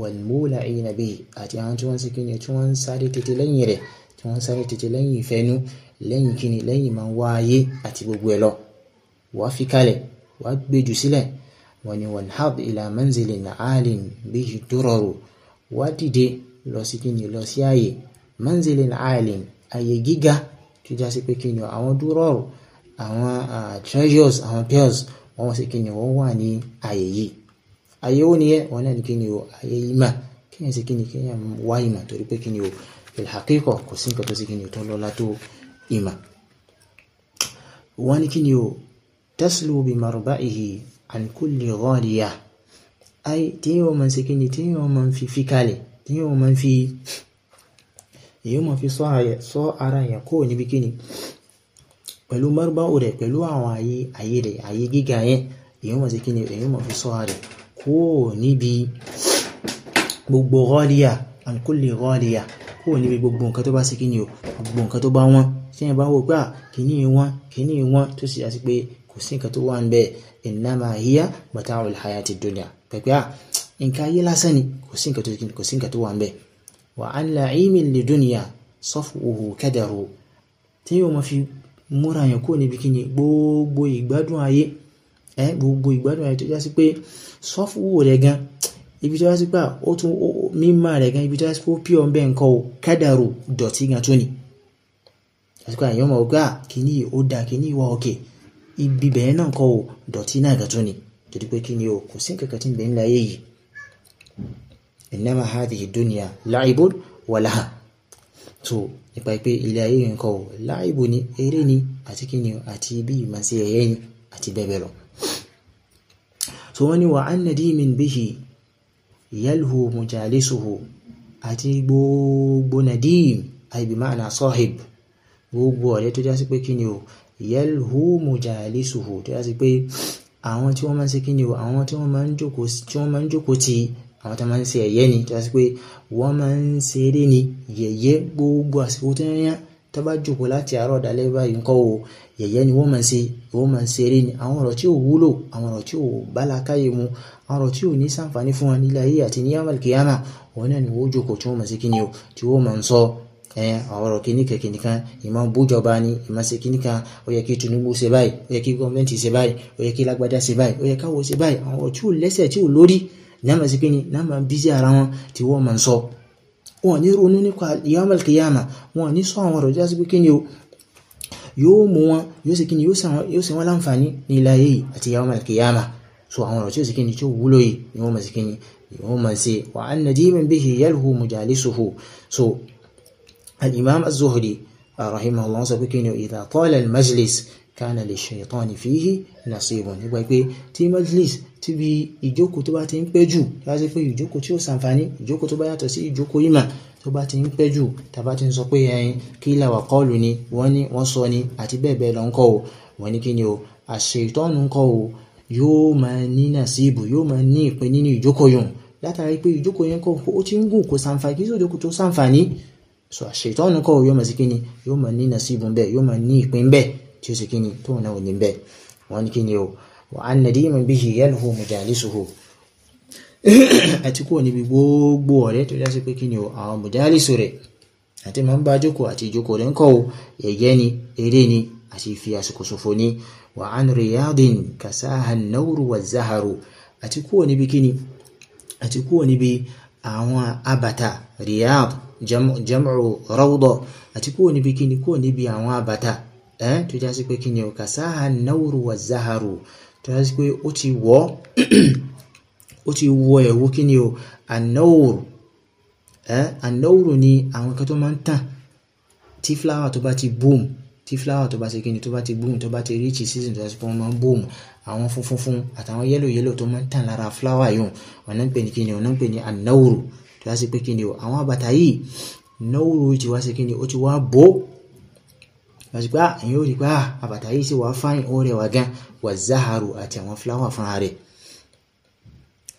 walmula ina bihi àti àwọn tí wọ́n sikin tí wọ́n sáré tètè lẹ́yìn rẹ̀ tí wọ́n sáré tètè lẹ́yìn ìfẹ́nu wàá fi kalẹ̀ wàá gbèjù sílẹ̀ wọ́n ní wanhad ila manzilin alin bihi dúrọ̀rù wàá dìde lọ sí kí ni lọ sí ààyè manzilin alin ààyè gíga tó já sí pé kí ni àwọn dúrọ̀rù àwọn treasures àwọn pearls wọ́n sì kí ni wọ́n wà ní ààyè yìí ààyè ó ní yẹ wọ́n náà ní kí ni o ààyè yìí mà kéèyàn sí kí ni kéèyàn wá ìmà torí pé kí ni o ìlàkíkọ̀ kò sí nǹkan tó sì kí ni o tó lọ́lá tó ìmà wọ́n ní kí ni o تسلو بمربعه عن كل غالية أي تيو من سكيني تيو من في فكالي تيو من في يوم في صاعي صاعرا يكون بكيني pẹ̀lú mọ́rúbáwò rẹ̀ pẹ̀lú àwọn ayé ayé rẹ̀ ayé gíga yẹn èyí mọ̀ sí kí ni èyí mọ̀ fi sọ́ rẹ̀ kó níbi gbogbo rọ́ọ̀lìyà and kulli rọ́ọ̀lìyà kó níbi gbogbo nǹkan tó bá sí kí ni o gbogbo nǹkan tó bá wọ́n tí yẹn bá wò pé à kìíní wọn kìíní wọn tó kò sí nǹkan tó wà ń bẹ innama hiya mata'ul hayati dunya pẹ̀pẹ́ à nǹkan ayé lásán ni kò sí nǹkan tó kò sí nǹkan tó wà ń bẹ wa an la'imin lidunya saf'uhu kadaru tí yóò máa fi múra yàn kúrò níbi kíni gbogbo ìgbádùn ayé ẹ eh, gbogbo ìgbádùn ayé tó já sí pé sọ́fúwò rẹ̀ gan ibi tó já sí pé ó tún mímọ́ rẹ̀ gan ibi tó já sí pé ó pí ọ̀ o kádàrò dọ̀tí gan tó ni àsìkò àyàn ọmọ ọgá kìíní ó da kìíní ìwà òkè ibi bẹ̀rẹ̀ náà kọ́ ò dọ̀tí náà gàtún ni torí pé kí ni o kò sí kankan tí ń bẹ yìí innama hadhihi dunya la'ibun wa laha so nípa pé ilé ayé yìí kọ́ ò láìbò ni eré ni àti kí ni àti bí ìmọ̀ ẹ̀yẹ́ ni àti bẹ́ẹ̀ bẹ́ẹ̀ lọ so wọ́n ní wa anna dimin bihi yalhu mujalisuhu àti gbogbo nadim àìbìmọ̀ àná sahib gbogbo ọ̀rẹ́ tó jásí pé kí ni o yẹlhu mujalisuhu tó yá sí pé àwọn tí wọ́n máa ń ṣe kíni o àwọn tí wọ́n máa ń jókòó tí wọ́n máa ń jókòó ti àwọn tí wọ́n máa ń ṣe ẹ̀yẹ́ ni tó yá sí pé wọ́n máa ń ṣeré ni yẹ̀yẹ́ gbogbo àsìkò tó yẹn tó bá jókòó láti àárọ̀ dalẹ́ báyìí ńkọ́ o yẹ̀yẹ́ ni wọ́n máa ń ṣe wọ́n máa ń ṣeré ni àwọn ọ̀rọ̀ tí ò wúlò àwọn ọ̀rọ̀ tí ò bálakáyé mu àwọn ọ̀rọ̀ tí ò ní sàǹfààní fún wa nílẹ̀ ayé àti ní Eh, ọ̀rọ̀ kìnìkan kìnìkan ìmọ̀ bójọba ni ìmọ̀ ṣe kìnìkan ó yẹ kí Tinubu ṣe báyìí ó yẹ kí gọ́ọ̀mẹ̀ntì ṣe báyìí ó yẹ kí lágbádá ṣe báyìí ó yẹ káwọ́ ṣe báyìí àwọn tí ò lẹ́sẹ̀ tí ò lórí náà máa ṣe kí ni náà máa bí sí ara wọn tí wọ́n máa ń sọ wọn ní ronú nípa yamal kiyama wọn ní sọ àwọn ọ̀rọ̀ jásí pé kí ni o yóò mú wọn yóò ṣe kí ni yóò ṣe wọn láǹfààní ní ilé ayé yìí àti wa anna diman bihi yalhu so الإمام الزهري رحمه الله rahimahullah إذا طال المجلس كان للشيطان فيه نصيب majlis kana li shaytani fihi nasibun nígbà pé tí majlis tí bí ìjókòó tó bá ti ń pẹ́ jù tí wọ́n ti pé ìjókòó tí ó sànfàní ìjókòó tó bá yàtọ̀ sí ìjókòó ìmà tó bá ti ń pẹ́ jù tàbá ti ń sọ pé ẹyin kí làwà kọlù ni wọ́n ní wọ́n sọ ni àti bẹ́ẹ̀ bẹ́ẹ̀ lọ ń kọ́ o wọ́n ní kí ni o àṣẹ ìtọ́nù ń kọ́ o yóò máa ní nàṣíbù yóò máa ní ìpín nínú ìjókòó yòun látàrí pé ìjókòó yẹn kọ́ ó ti ń gùn kó sànfàní kí sódòkó tó sànfàní so àṣetọ́nù kọ́ yóò máa ṣe kíni yóò máa ní nàṣíbù bẹ́ẹ̀ yóò máa ní ìpín bẹ́ẹ̀ tí ó ṣe kíni tóun náà ò ní bẹ́ẹ̀ wọ́n ní kíni o wa anna diman bihi yalhu mujalisuhu àti kúrò níbi gbogbo ọ̀rẹ́ tó dá sí pé kíni o àwọn mùjálísù rẹ̀ àti máa ń bá jókòó àti ìjókòó rẹ̀ ń kọ́ o ẹ̀yẹ́ ni eré ni àti ìfi àsìkò ṣòfò ni wa an riyadin kasaha nawru wa zaharu àti kúrò níbi kíni àti kúrò níbi àwọn abata riyad jam'u rawda àti kúrò níbi kíni kúrò níbi àwọn àbàtà ẹ́ tó já sí pé kíni o kàsáhà náwùrù wà záhàrù tó já sí pé ó ti wọ́ ó ti wọ ẹ̀wú kíni o ànáwùrù ẹ́ ànáwùrù ni àwọn kan tó máa ń tàn tí fúláwà tó bá ti boom tí fúláwà tó bá ti kíni tó bá ti boom tó bá ti reach season tó já sí pé wọ́n máa ń boom àwọn funfun fún àtàwọn yẹ́lò yẹ́lò tó máa ń tàn lára fúláwà yòó ọ̀nà ń pè ní kíni ọ̀nà ń pè ní ànáwùrù tó yá sí pé kí ni o àwọn bàtà yìí náwó ti wá sí kí ni ó ti wá bò ó lọ́sí pé àyìn ah, ó rí pé àbàtà ah, yìí sì wá fáyìn ó rẹwà gan wà záhàrù àti àwọn fúláwà fúnra rẹ̀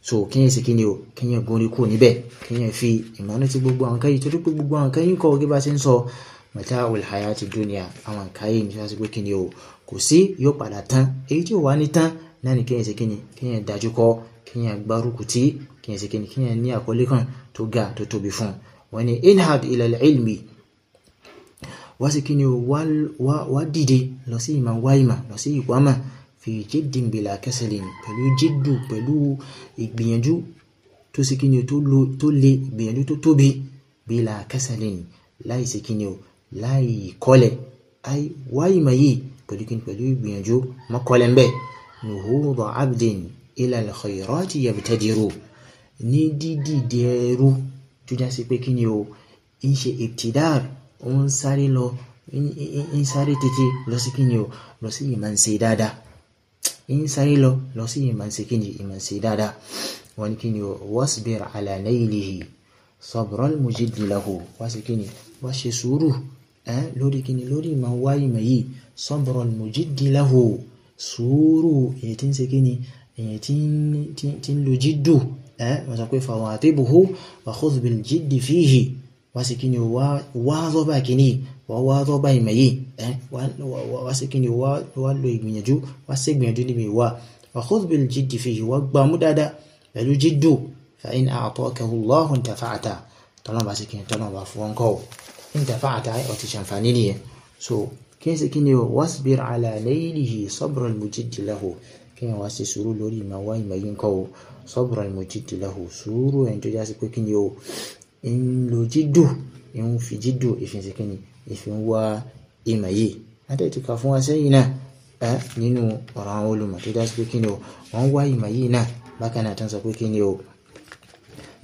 so kíyàn sí kíni o kíyàn gorí kù níbẹ̀ kíyàn fi ìmọ̀nà ti gbogbo àwọn kan yìí torí pé gbogbo àwọn kan kọ́ gí bá ti ń sọ mata'ul hayati dunya àwọn kan yìí nípa sí pé kíni o kò sí yóò padà tán èyí tí ò wá ní tán náà ni kíyàn sí kíni kíyàn dájú kọ kíyàn gbárùkù tí kí yẹn sì kí yẹn ní àkọlé kan tó ga tó tóbi fún wọn ni inhad ilal ilmi wá sí kí ni wá dìde lọ sí ìmọ̀ wá ìmọ̀ lọ sí ìwámà fi jiddin bila kasalin pẹ̀lú jiddu pẹ̀lú ìgbìyànjú tó sì kí ni tó le ìgbìyànjú tó tóbi bila kasalin láì sí kí ni o láì kọ́lẹ̀ ai wá ìmọ̀ yìí pẹ̀lú kí ni pẹ̀lú ìgbìyànjú mọ́kọ́lẹ̀ ń bẹ̀ nuhudu abdin ila al khayrati yabtadiru ní dídìde ẹrú tó já pé kí ni o ń ṣe ìtìdáàr ó ń sáré lọ ń sáré tètè lọ sí kí ni o lọ sí ìmọ̀ ń ṣe dáadáa ń sáré lọ lọ sí ìmọ̀ ń ṣe kí ni ìmọ̀ ń ṣe dáadáa wọn ni kí ni o wasbir ala naylihi sabral mujiddi lahu wá sí kí ni wá ṣe sùúrù lórí kí ni lórí ìmọ̀ wá ìmọ̀ yìí sabral mujiddi lahu sùúrù èyí tí ń ṣe kí ni èyí tí ń lo jídù Eh, wọ́n sọ pé fàwọn àtẹ́bùhù wa khudh bil jiddi fihi wá sí kí ni wá rọ́bà kìíní wọ́n wá rọ́bà ìmọ̀ yìí eh, wá sí kí ni wá lo ìgbìyànjú wá sí ìgbìyànjú níbi ìwà wa khudh bil jiddi fihi wá gbàmú dáadáa pẹ̀lú jiddu fa in a'takahu Allahu intafa'ta tọ́lọ́mà sí kí ni tọ́lọ́mà intafa'ta ọtí ṣàǹfààní so kí wasbir ala laylihi sabral mujiddi lahu kéèyàn wá ṣe sùúrù lórí ìmọ̀ wá ìmọ̀ yìí nǹkan o sọ́bùrọ̀ ni mo jí dìlà o sùúrù ẹni tó já sí pé kí ni o ń lo jídò ń fi jídò ìfìsí kí ni ìfi wá ìmọ̀ yìí adẹ́tí fún wa sẹ́yìn náà nínú ọ̀rọ̀ àwọn olùmọ̀ tó já pé kí ni o wọ́n wá ìmọ̀ yìí náà bákan náà tó ń sọ pé kí ni o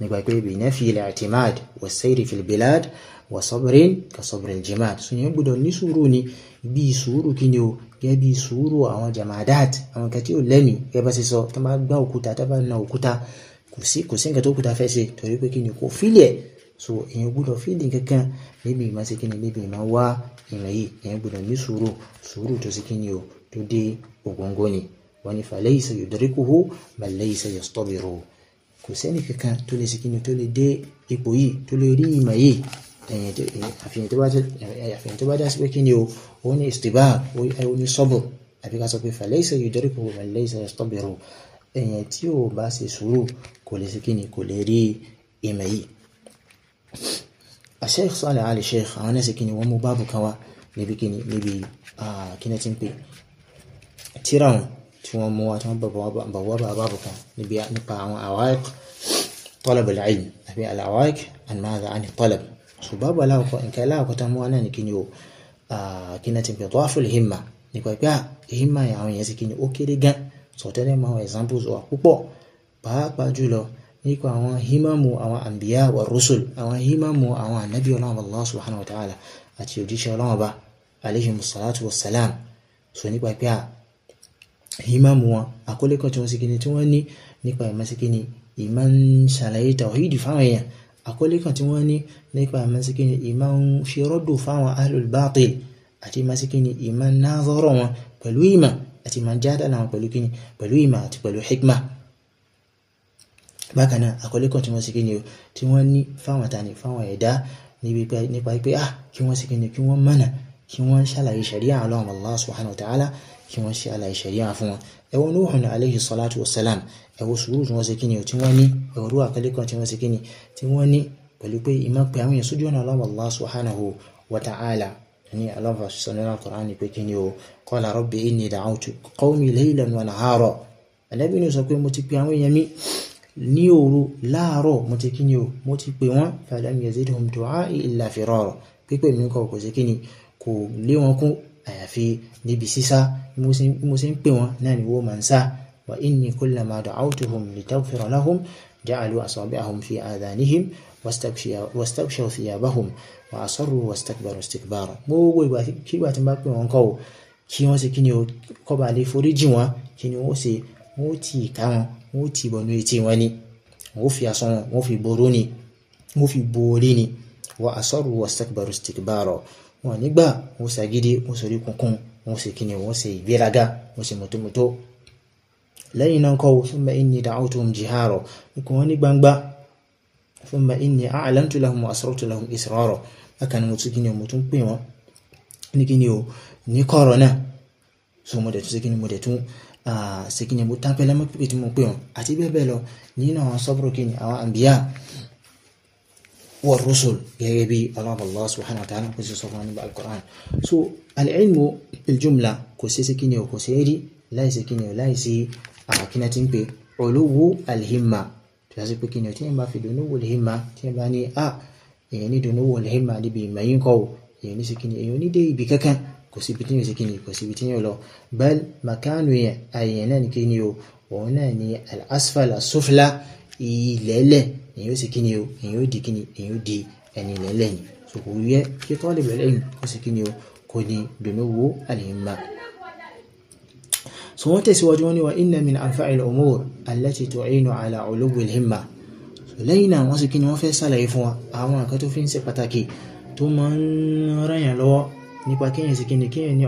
nípa pé bìnẹ́fì ilẹ̀ àtìmáàd wà sẹ́yìrì fìlbìláàd wà sọ́bìrín kà sọ́bìrín jimad so yẹn gbọ́dọ̀ ní sùúrù ni bí sùúrù kí ni o gẹ́gẹ́ bí sùúrù àwọn jamadat àwọn kan tí ò lẹ́mìí gẹ́gẹ́ bá ṣe sọ tó bá gbá òkúta tó bá na òkúta kò sí kò sí nǹkan tó kúta fẹ́ ṣe torí pé kí ni kò fílẹ̀ so èèyàn gbọ́dọ̀ fílẹ̀ kankan níbi ìmọ̀ sí kí ni níbi ìmọ̀ wá ìmọ̀ yìí èèyàn gbọ́dọ̀ ní sùúrù sùúrù tó sì o tó dé ògóńgó ni fa laysa yudrikuhu bal laysa yastabiru kò sẹ́ni kankan tó lè sikin tó lè dé ipò yìí tó lè rí ìmọ̀ yìí àfihàn tó bá dá sí pé kí ni o òun ni ìsìtìbá òun ni sọ́bù àbí ká sọ pé fàlẹ́sẹ̀ yìí dẹ́rù kòkòrò fàlẹ́sẹ̀ sọ́bìrù èèyàn tí ò bá ṣe sùúrù kò lè sikin kò lè rí ìmọ̀ yìí. Sheikh Salih Ali Sheikh àwọn náà ni wọ́n mú báàbù kan wá níbi kíni níbi ah, kíni tí ń pè tíra تو مو تو بابا بابا بابا بابا نبي نبقى عن عوائق طلب العلم نبي العوائق عن ماذا عن الطلب شو بابا لا كو انك لا كو تمو انا نكينيو آه، كنا تبي ضعف الهمة نكو يا الهمة يا عم يعني يسكيني اوكي لجا صوتنا ما هو examples او كوبا بابا جلو نكو عن هما مو عن انبياء والرسل عن هما مو عن النبي الله سبحانه وتعالى اتيو جيش الله عليهم الصلاه والسلام سو نكو ìmáàmù wọn àkọlé kan tí wọ́n ṣe kíni tí wọ́n ní nípa ìmọ̀ ṣe kíni ìmọ̀ ń ṣàlàyé tàwíìdì fáwọn èèyàn àkọlé kan tí wọ́n ní nípa ìmọ̀ ṣe kíni ìmọ̀ ń ṣe rọ́dù fáwọn ahlul batil àti ìmọ̀ ṣe kíni ìmọ̀ ń náàzọ́rọ̀ wọn pẹ̀lú ìmọ̀ àti ìmọ̀ ń jáde láwọn pẹ̀lú kíni pẹ̀lú ìmọ̀ àti pẹ̀lú hikma bákan náà àkọlé kan tí wọ́n ṣe kíni o tí wọ́n ní fáwọn tani fáwọn ẹ̀dá nípa pé ah kí wọ́n ṣe kíni kí wọ́n mọ̀nà kí wọ́n ṣàlàyé ṣàríà Ọlọ́run kí wọ́n ṣe àlàyé ṣẹ̀ríà fún wọn ẹ wo Nuhun alayhi salatu wa salam ẹ wo sùúrù tí wọ́n ṣe kíni tí wọ́n ní ẹ wo rúwà kálí kan tí wọ́n ṣe kíni tí wọ́n ní pẹ̀lú pé ìmọ̀ pé àwọn èèyàn sójú ọ̀nà Allah subhanahu wa ta'ala ní aláwọ̀ sọ̀nà Al-Qur'an pé kíni o qala rabbi inni da'awtu qawmi laylan wa àyàfi eh, níbi sísá bí mo ṣe ń pè wọ́n náà ni wọ́n máa ń sá wa inni kullama da'awtuhum litaghfira lahum ja'alu asabi'ahum fi adhanihim wastabshaw thiyabahum wa asarru wastakbaru istikbara gbogbo ìgbà kígbà tí n bá pè wọ́n kọ́ o kí wọ́n ṣe kí ni o kọ́ba lè foríjì wọ́n kí ni wọ́n ṣe wọ́n ti ìka wọn wọ́n ti ìbọnú etí wọn ni wọ́n fi aṣọ wọn wọ́n fi boró ni wọ́n fi borí ni wa asarru wastakbaru istikbara wọn nígbà wọn ṣàgídí wọn sọrí kunkun wọn ṣe kíni wọn ṣe ìgbéraga wọn ṣe mọ̀tòmọ̀tò lẹ́yìn náà kọ́ thumma inni da'awtuhum jihara ikú wọn ní gbangba thumma inni a'lantu lahum wa asrartu lahum israra akànnì mo tún kíni mo tún pè wọn ní kíni o ní kọ̀rọ̀ náà so mo dẹ̀ tún ṣe kíni mo dẹ̀ tún ṣe kíni mo tán pẹ́lẹ́mọ́ pípé tí mo pè wọn àti bẹ́ẹ̀ lọ nínú àwọn sọ́bùrù kíni àwọn àǹbíyà wa rusul gẹ́gẹ́ bí ọlọ́run allah subhanahu wa ta'ala kò sí sọ fún wa so alilmu iljumla kò sí sí kíni o kò sí rí láì sí kíni o láì sí àkínà tí ń pè olówó alhimma tó yà sí pé kíni o tí yẹn bá fi dùnúwò alhimma tí yẹn bá ní a èyàn ní dùnúwò alhimma níbi ìmọ̀yìn kọ́ èyàn ní sí kíni èyàn ní dé ibi kankan kò sí ibi tí yẹn sí kíni kò sí ibi tí yẹn lọ bal makanu yẹn àyẹ̀yẹ̀ náà ní kíni o òun náà ní al asfala ìlẹ́lẹ̀ èyí ó sì kí ni o èyí ó di kí ni èyí ó di ẹni lẹ́lẹ́yìn so kò yẹ kí tọ́lẹ̀ bẹ̀rẹ̀ lẹ́yìn ó sì kí ni o kò ní dùnúwó àlèyìnmá so wọ́n tẹ̀síwájú wọn ni wa inna min anfa'il umur allati tu'inu ala ulubwil himma so lẹ́yìn náà wọ́n sì kí ni wọ́n fẹ́ sàlàyé fún wa àwọn nǹkan tó fi ń ṣe pàtàkì tó máa ń rányàn lọ́wọ́ nípa kéèyàn sì kí ni kéèyàn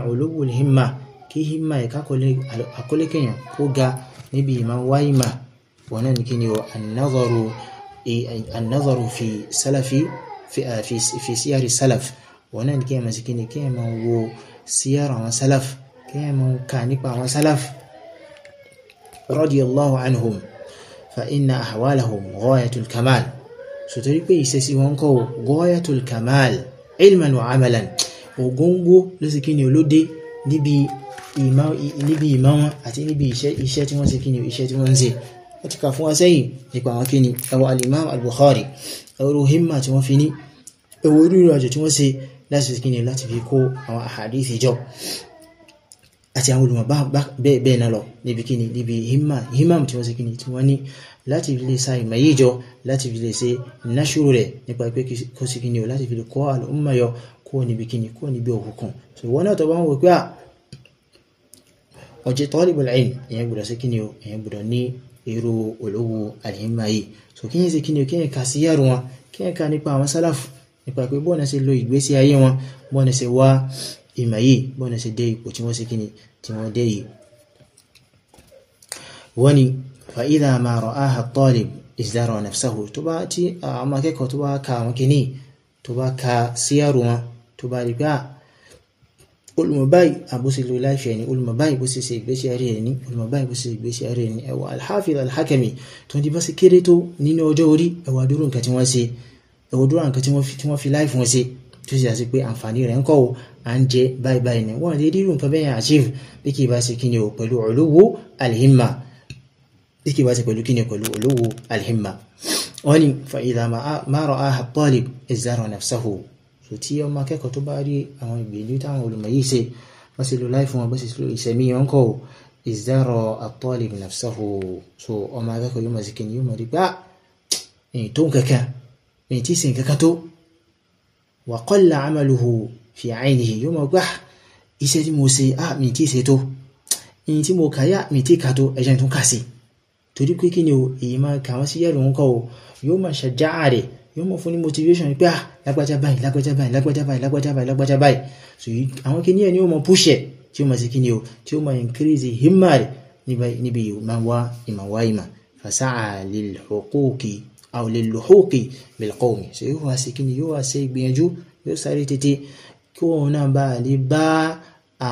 ní النظر في سلف في آه، في في سيار سلف وانا كيما مسكين كيما هو سيار سلف كيما كان سلف رضي الله عنهم فان احوالهم غايه الكمال ستريكو يسسي وانكو غايه الكمال علما وعملا وغونغو لسكيني لودي نبي إيماو نبي إيماو أتي نبي إيشي إيشي تونسي كيني إيشي تونسي ó ti kà fún wa sẹ́yìn nípa àwọn kíni àwọn al-Imam al-Bukhari ẹwọ́rọ̀ himma tí wọ́n fi ní ẹwọ́ irú ìrìnàjò tí wọ́n ṣe láti kíni láti fi kó àwọn àhàdíìsì jọ àti àwọn olùmọ̀ bẹ́ẹ̀ náà lọ níbi kíni níbi himmam tí wọ́n ṣe kíni tí wọ́n ní láti fi lè sa ìmọ̀ yìí jọ láti fi lè ṣe náṣúrò rẹ̀ nípa pé kó sì kíni o láti fi lè kọ́ al-umma yọ kó níbi kíni kó níbi òkùnkùn so wọ́n náà tó bá ń wò pé à ọjẹ́ talibul ilm ìyẹn gbọ́dọ̀ ṣe kíni o ìyẹn gbọ́dọ̀ ní irú olówó àlìmá yìí so kíyàn sí kíni kíyàn ka sí yàrá wọn kíyàn ka nípa àwọn sálàfù nípa pé bọ́ọ̀nà ṣe lo ìgbésí ayé wọn bọ́ọ̀nà ṣe wá ìmọ̀ yìí bọ́ọ̀nà ṣe dé ipò tí wọ́n ṣe kíni tí wọ́n dé yìí. wọ́n ni fa idha ma ra'aha at-talib izdara nafsahu tó bá tí àwọn akẹ́kọ̀ọ́ tó bá ka àwọn kíní tó bá ka sí yàrá wọn tó bá rí pé ah, olùmọ̀ báyìí àbúṣelò láìfẹ́ ni olùmọ̀ báyìí bó ṣe ṣe ìgbésí ayé rẹ̀ ni olùmọ̀ báyìí bó ṣe ìgbésí ayé rẹ̀ ni ẹ̀wà alhafiz alhakami tó ń di bá ṣe kéré tó nínú ọjọ́ orí ẹ̀wà dúró nǹkan tí wọ́n ṣe ẹ̀wà dúró nǹkan tí wọ́n fi láìfún ṣe tó sì àti pé àǹfààní rẹ̀ ń kọ́ o à ń jẹ báyìí báyìí ni wọ́n lè rírun nǹkan bẹ́yẹn àṣìf bí kì í bá ṣe kí ni o pẹ̀lú olówó alhimma bí kì í bá ṣe pẹ̀lú kí ni pẹ̀lú olówó alhimma wọ́n ní fa ìlànà márọ̀ áhà talib izara nafsahu so tí ọmọ akẹ́kọ̀ọ́ tó bá rí àwọn ìgbìyànjú táwọn olùmọ̀ yìí ṣe wọ́n sì lò láì fún wọn bó sì lò ìṣẹ̀mí wọn kọ́ ò ìzárọ̀ at-talib nafsahu so ọmọ akẹ́kọ̀ọ́ yóò mọ̀ sí kìnìún mọ̀ rí pé ah èyí tó nǹkankan èyí tí sì nǹkankan tó wa qalla amaluhu fi aynihi yóò mọ̀ gbà ah, iṣẹ́ tí mo ṣe ah, yóò mọ̀ fún ní motivation pé ah lágbájá báyìí lágbájá báyìí lágbájá báyìí lágbájá báyìí lágbájá báyìí so àwọn kìíní ẹ̀ ni ó mọ̀ push ẹ̀ tí ó mọ̀ sí kíni o tí ó mọ̀ increase himma rẹ̀ níbi ìmọ̀wá ìmọ̀wá ìmọ̀ fasa'a lil huquqi aw lil luhuqi bil qawmi so yóò wá sí kíni yóò wá sí ìgbìyànjú yóò sáré tètè kí òun náà bá lè bá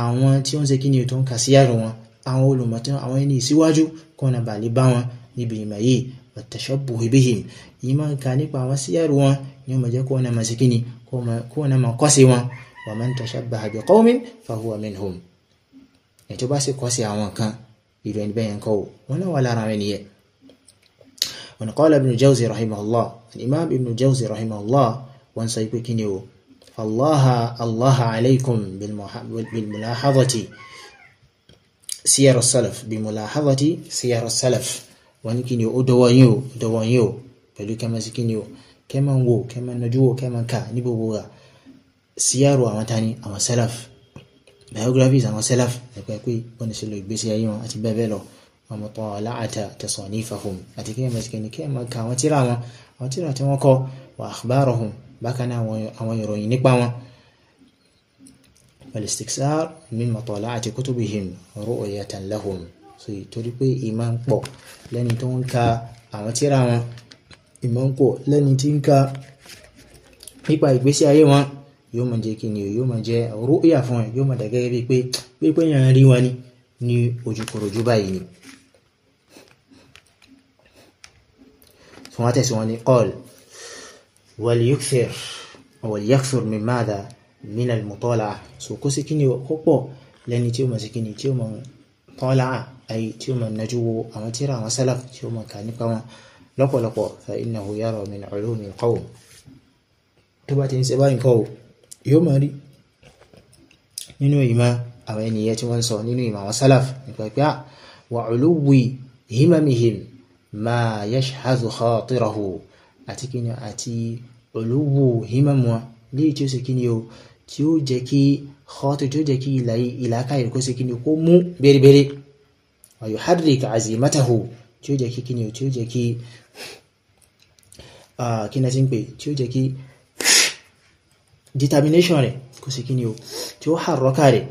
àwọn tí ó ń ṣe kíni tó ń kà sí àrùn wọn àwọn olùmọ̀tán àwọn ẹni ìsíwájú kọ́nà bá lè bá wọn níbi ìmọ̀ yìí والتشبه بهم إما كان يقع وسيار يوم جاكو أنا مسكيني كون مقاسي ومن تشبه بقوم فهو منهم يتو باسي قاسي عوانكا يلين بين كو ولا ولا رميني ونقال ابن جوزي رحمه الله الإمام ابن جوزي رحمه الله وانسيكو كنيو فالله الله عليكم بالملاحظة سير السلف بملاحظة سير السلف wọ́n ní kí ni ó dọwọ́ yín o dọwọ́ yín o pẹ̀lú kẹ́mọ́ sí kí ni o kẹ́mọ́ ń wò kẹ́mọ́ nájú wò kẹ́mọ́ kà ní gbogbo rà síyàrò àwọn tani àwọn sẹ́láf biographies àwọn sẹ́láf ẹ̀pẹ́ pé wọ́n ṣe lo ìgbésí ayé wọn àti bẹ́ẹ̀ lọ ọmọ tó wà láàtà ní ìfàhùn àti kẹ́mọ́ sí kí ni kẹ́mọ́ ka àwọn tíra wọn àwọn tíra tí wọ́n kọ wà àkùbárọ̀hùn bákan náà àwọn ìròyìn nípa wọn والاستكثار من مطالعة كتبهم رؤية لهم so torí pé ìmọ̀ ń pọ̀ lẹ́ni tó ń ka àwọn tíra wọn ìmọ̀ ń pọ̀ lẹ́ni tí ń ka nípa ìgbésí ayé wọn yóò máa jẹ́ kí ni yóò máa jẹ́ rúùyà fún ẹ yóò máa dà gẹ́gẹ́ bíi pé pípé yẹn rí wọn ni ní ojúkòròjú báyìí ni. fún wa tẹ̀síwọ́n ní qal wal yukthir wal yakthur min madha min al mutala'a so kó sí kí ni ó pọ̀ lẹ́ni tí ó máa sí kí ni tí ó máa tọ́lá ayé tí ó mọ̀ nájú wo àwọn tíra àwọn sálàf tí ó mọ̀ ká nípa wọn lọ́pọ̀lọpọ̀ fa innahu yara min ulumil qawm tó bá ti ń ṣe báyìí kọ́ yóò máa rí nínú ìmọ̀ àwọn ènìyàn tí wọ́n sọ nínú ìmọ̀ àwọn sálàf nípa pé wa uluwi himamihim ma yashhazu khatirahu àti kíni àti uluwu himamu léyìí tí ó sì kíni o tí ó jẹ́ kí kọ́ọ̀tù tí ó jẹ́ kí ìlàkàyè kó ṣe kí ni kó mú bèrèbèrè wa yuharrik azimatahu tí ó jẹ́ kí o tí ó jẹ́ kí ti ń pè tí ó jẹ́ determination rẹ̀ kó ṣe kíni o tí ó harroka rẹ̀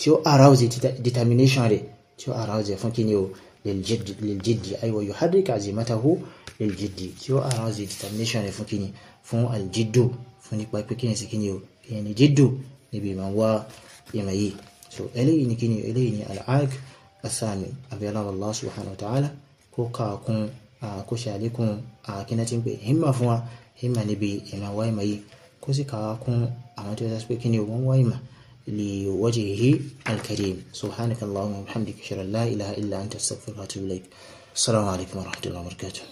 tí ó arouse determination rẹ̀ tí ó arouse fún kíni o liljiddi ay wa yuharrik azimatahu liljiddi tí ó arouse determination rẹ̀ fún kíni fún aljiddu fún nípa pé kíni sí o kíni jiddu níbi ìmọ̀ wá ìmọ̀ so eléyìí ni kíni eléyìí ni al-aag asami abiyalawo allah subhanahu wa ta'ala kó kaakun kó ṣe àlékún kíná tí ń pè himma fún wa himma níbi ìmọ̀ wá ìmọ̀ yìí kó sì kaakun àwọn tí ó sọ pé kíni wọ́n wá ìmọ̀ لوجهه الكريم سبحانك اللهم وبحمدك اشهد ان لا اله الا انت استغفرك واتوب اليك السلام عليكم ورحمه الله وبركاته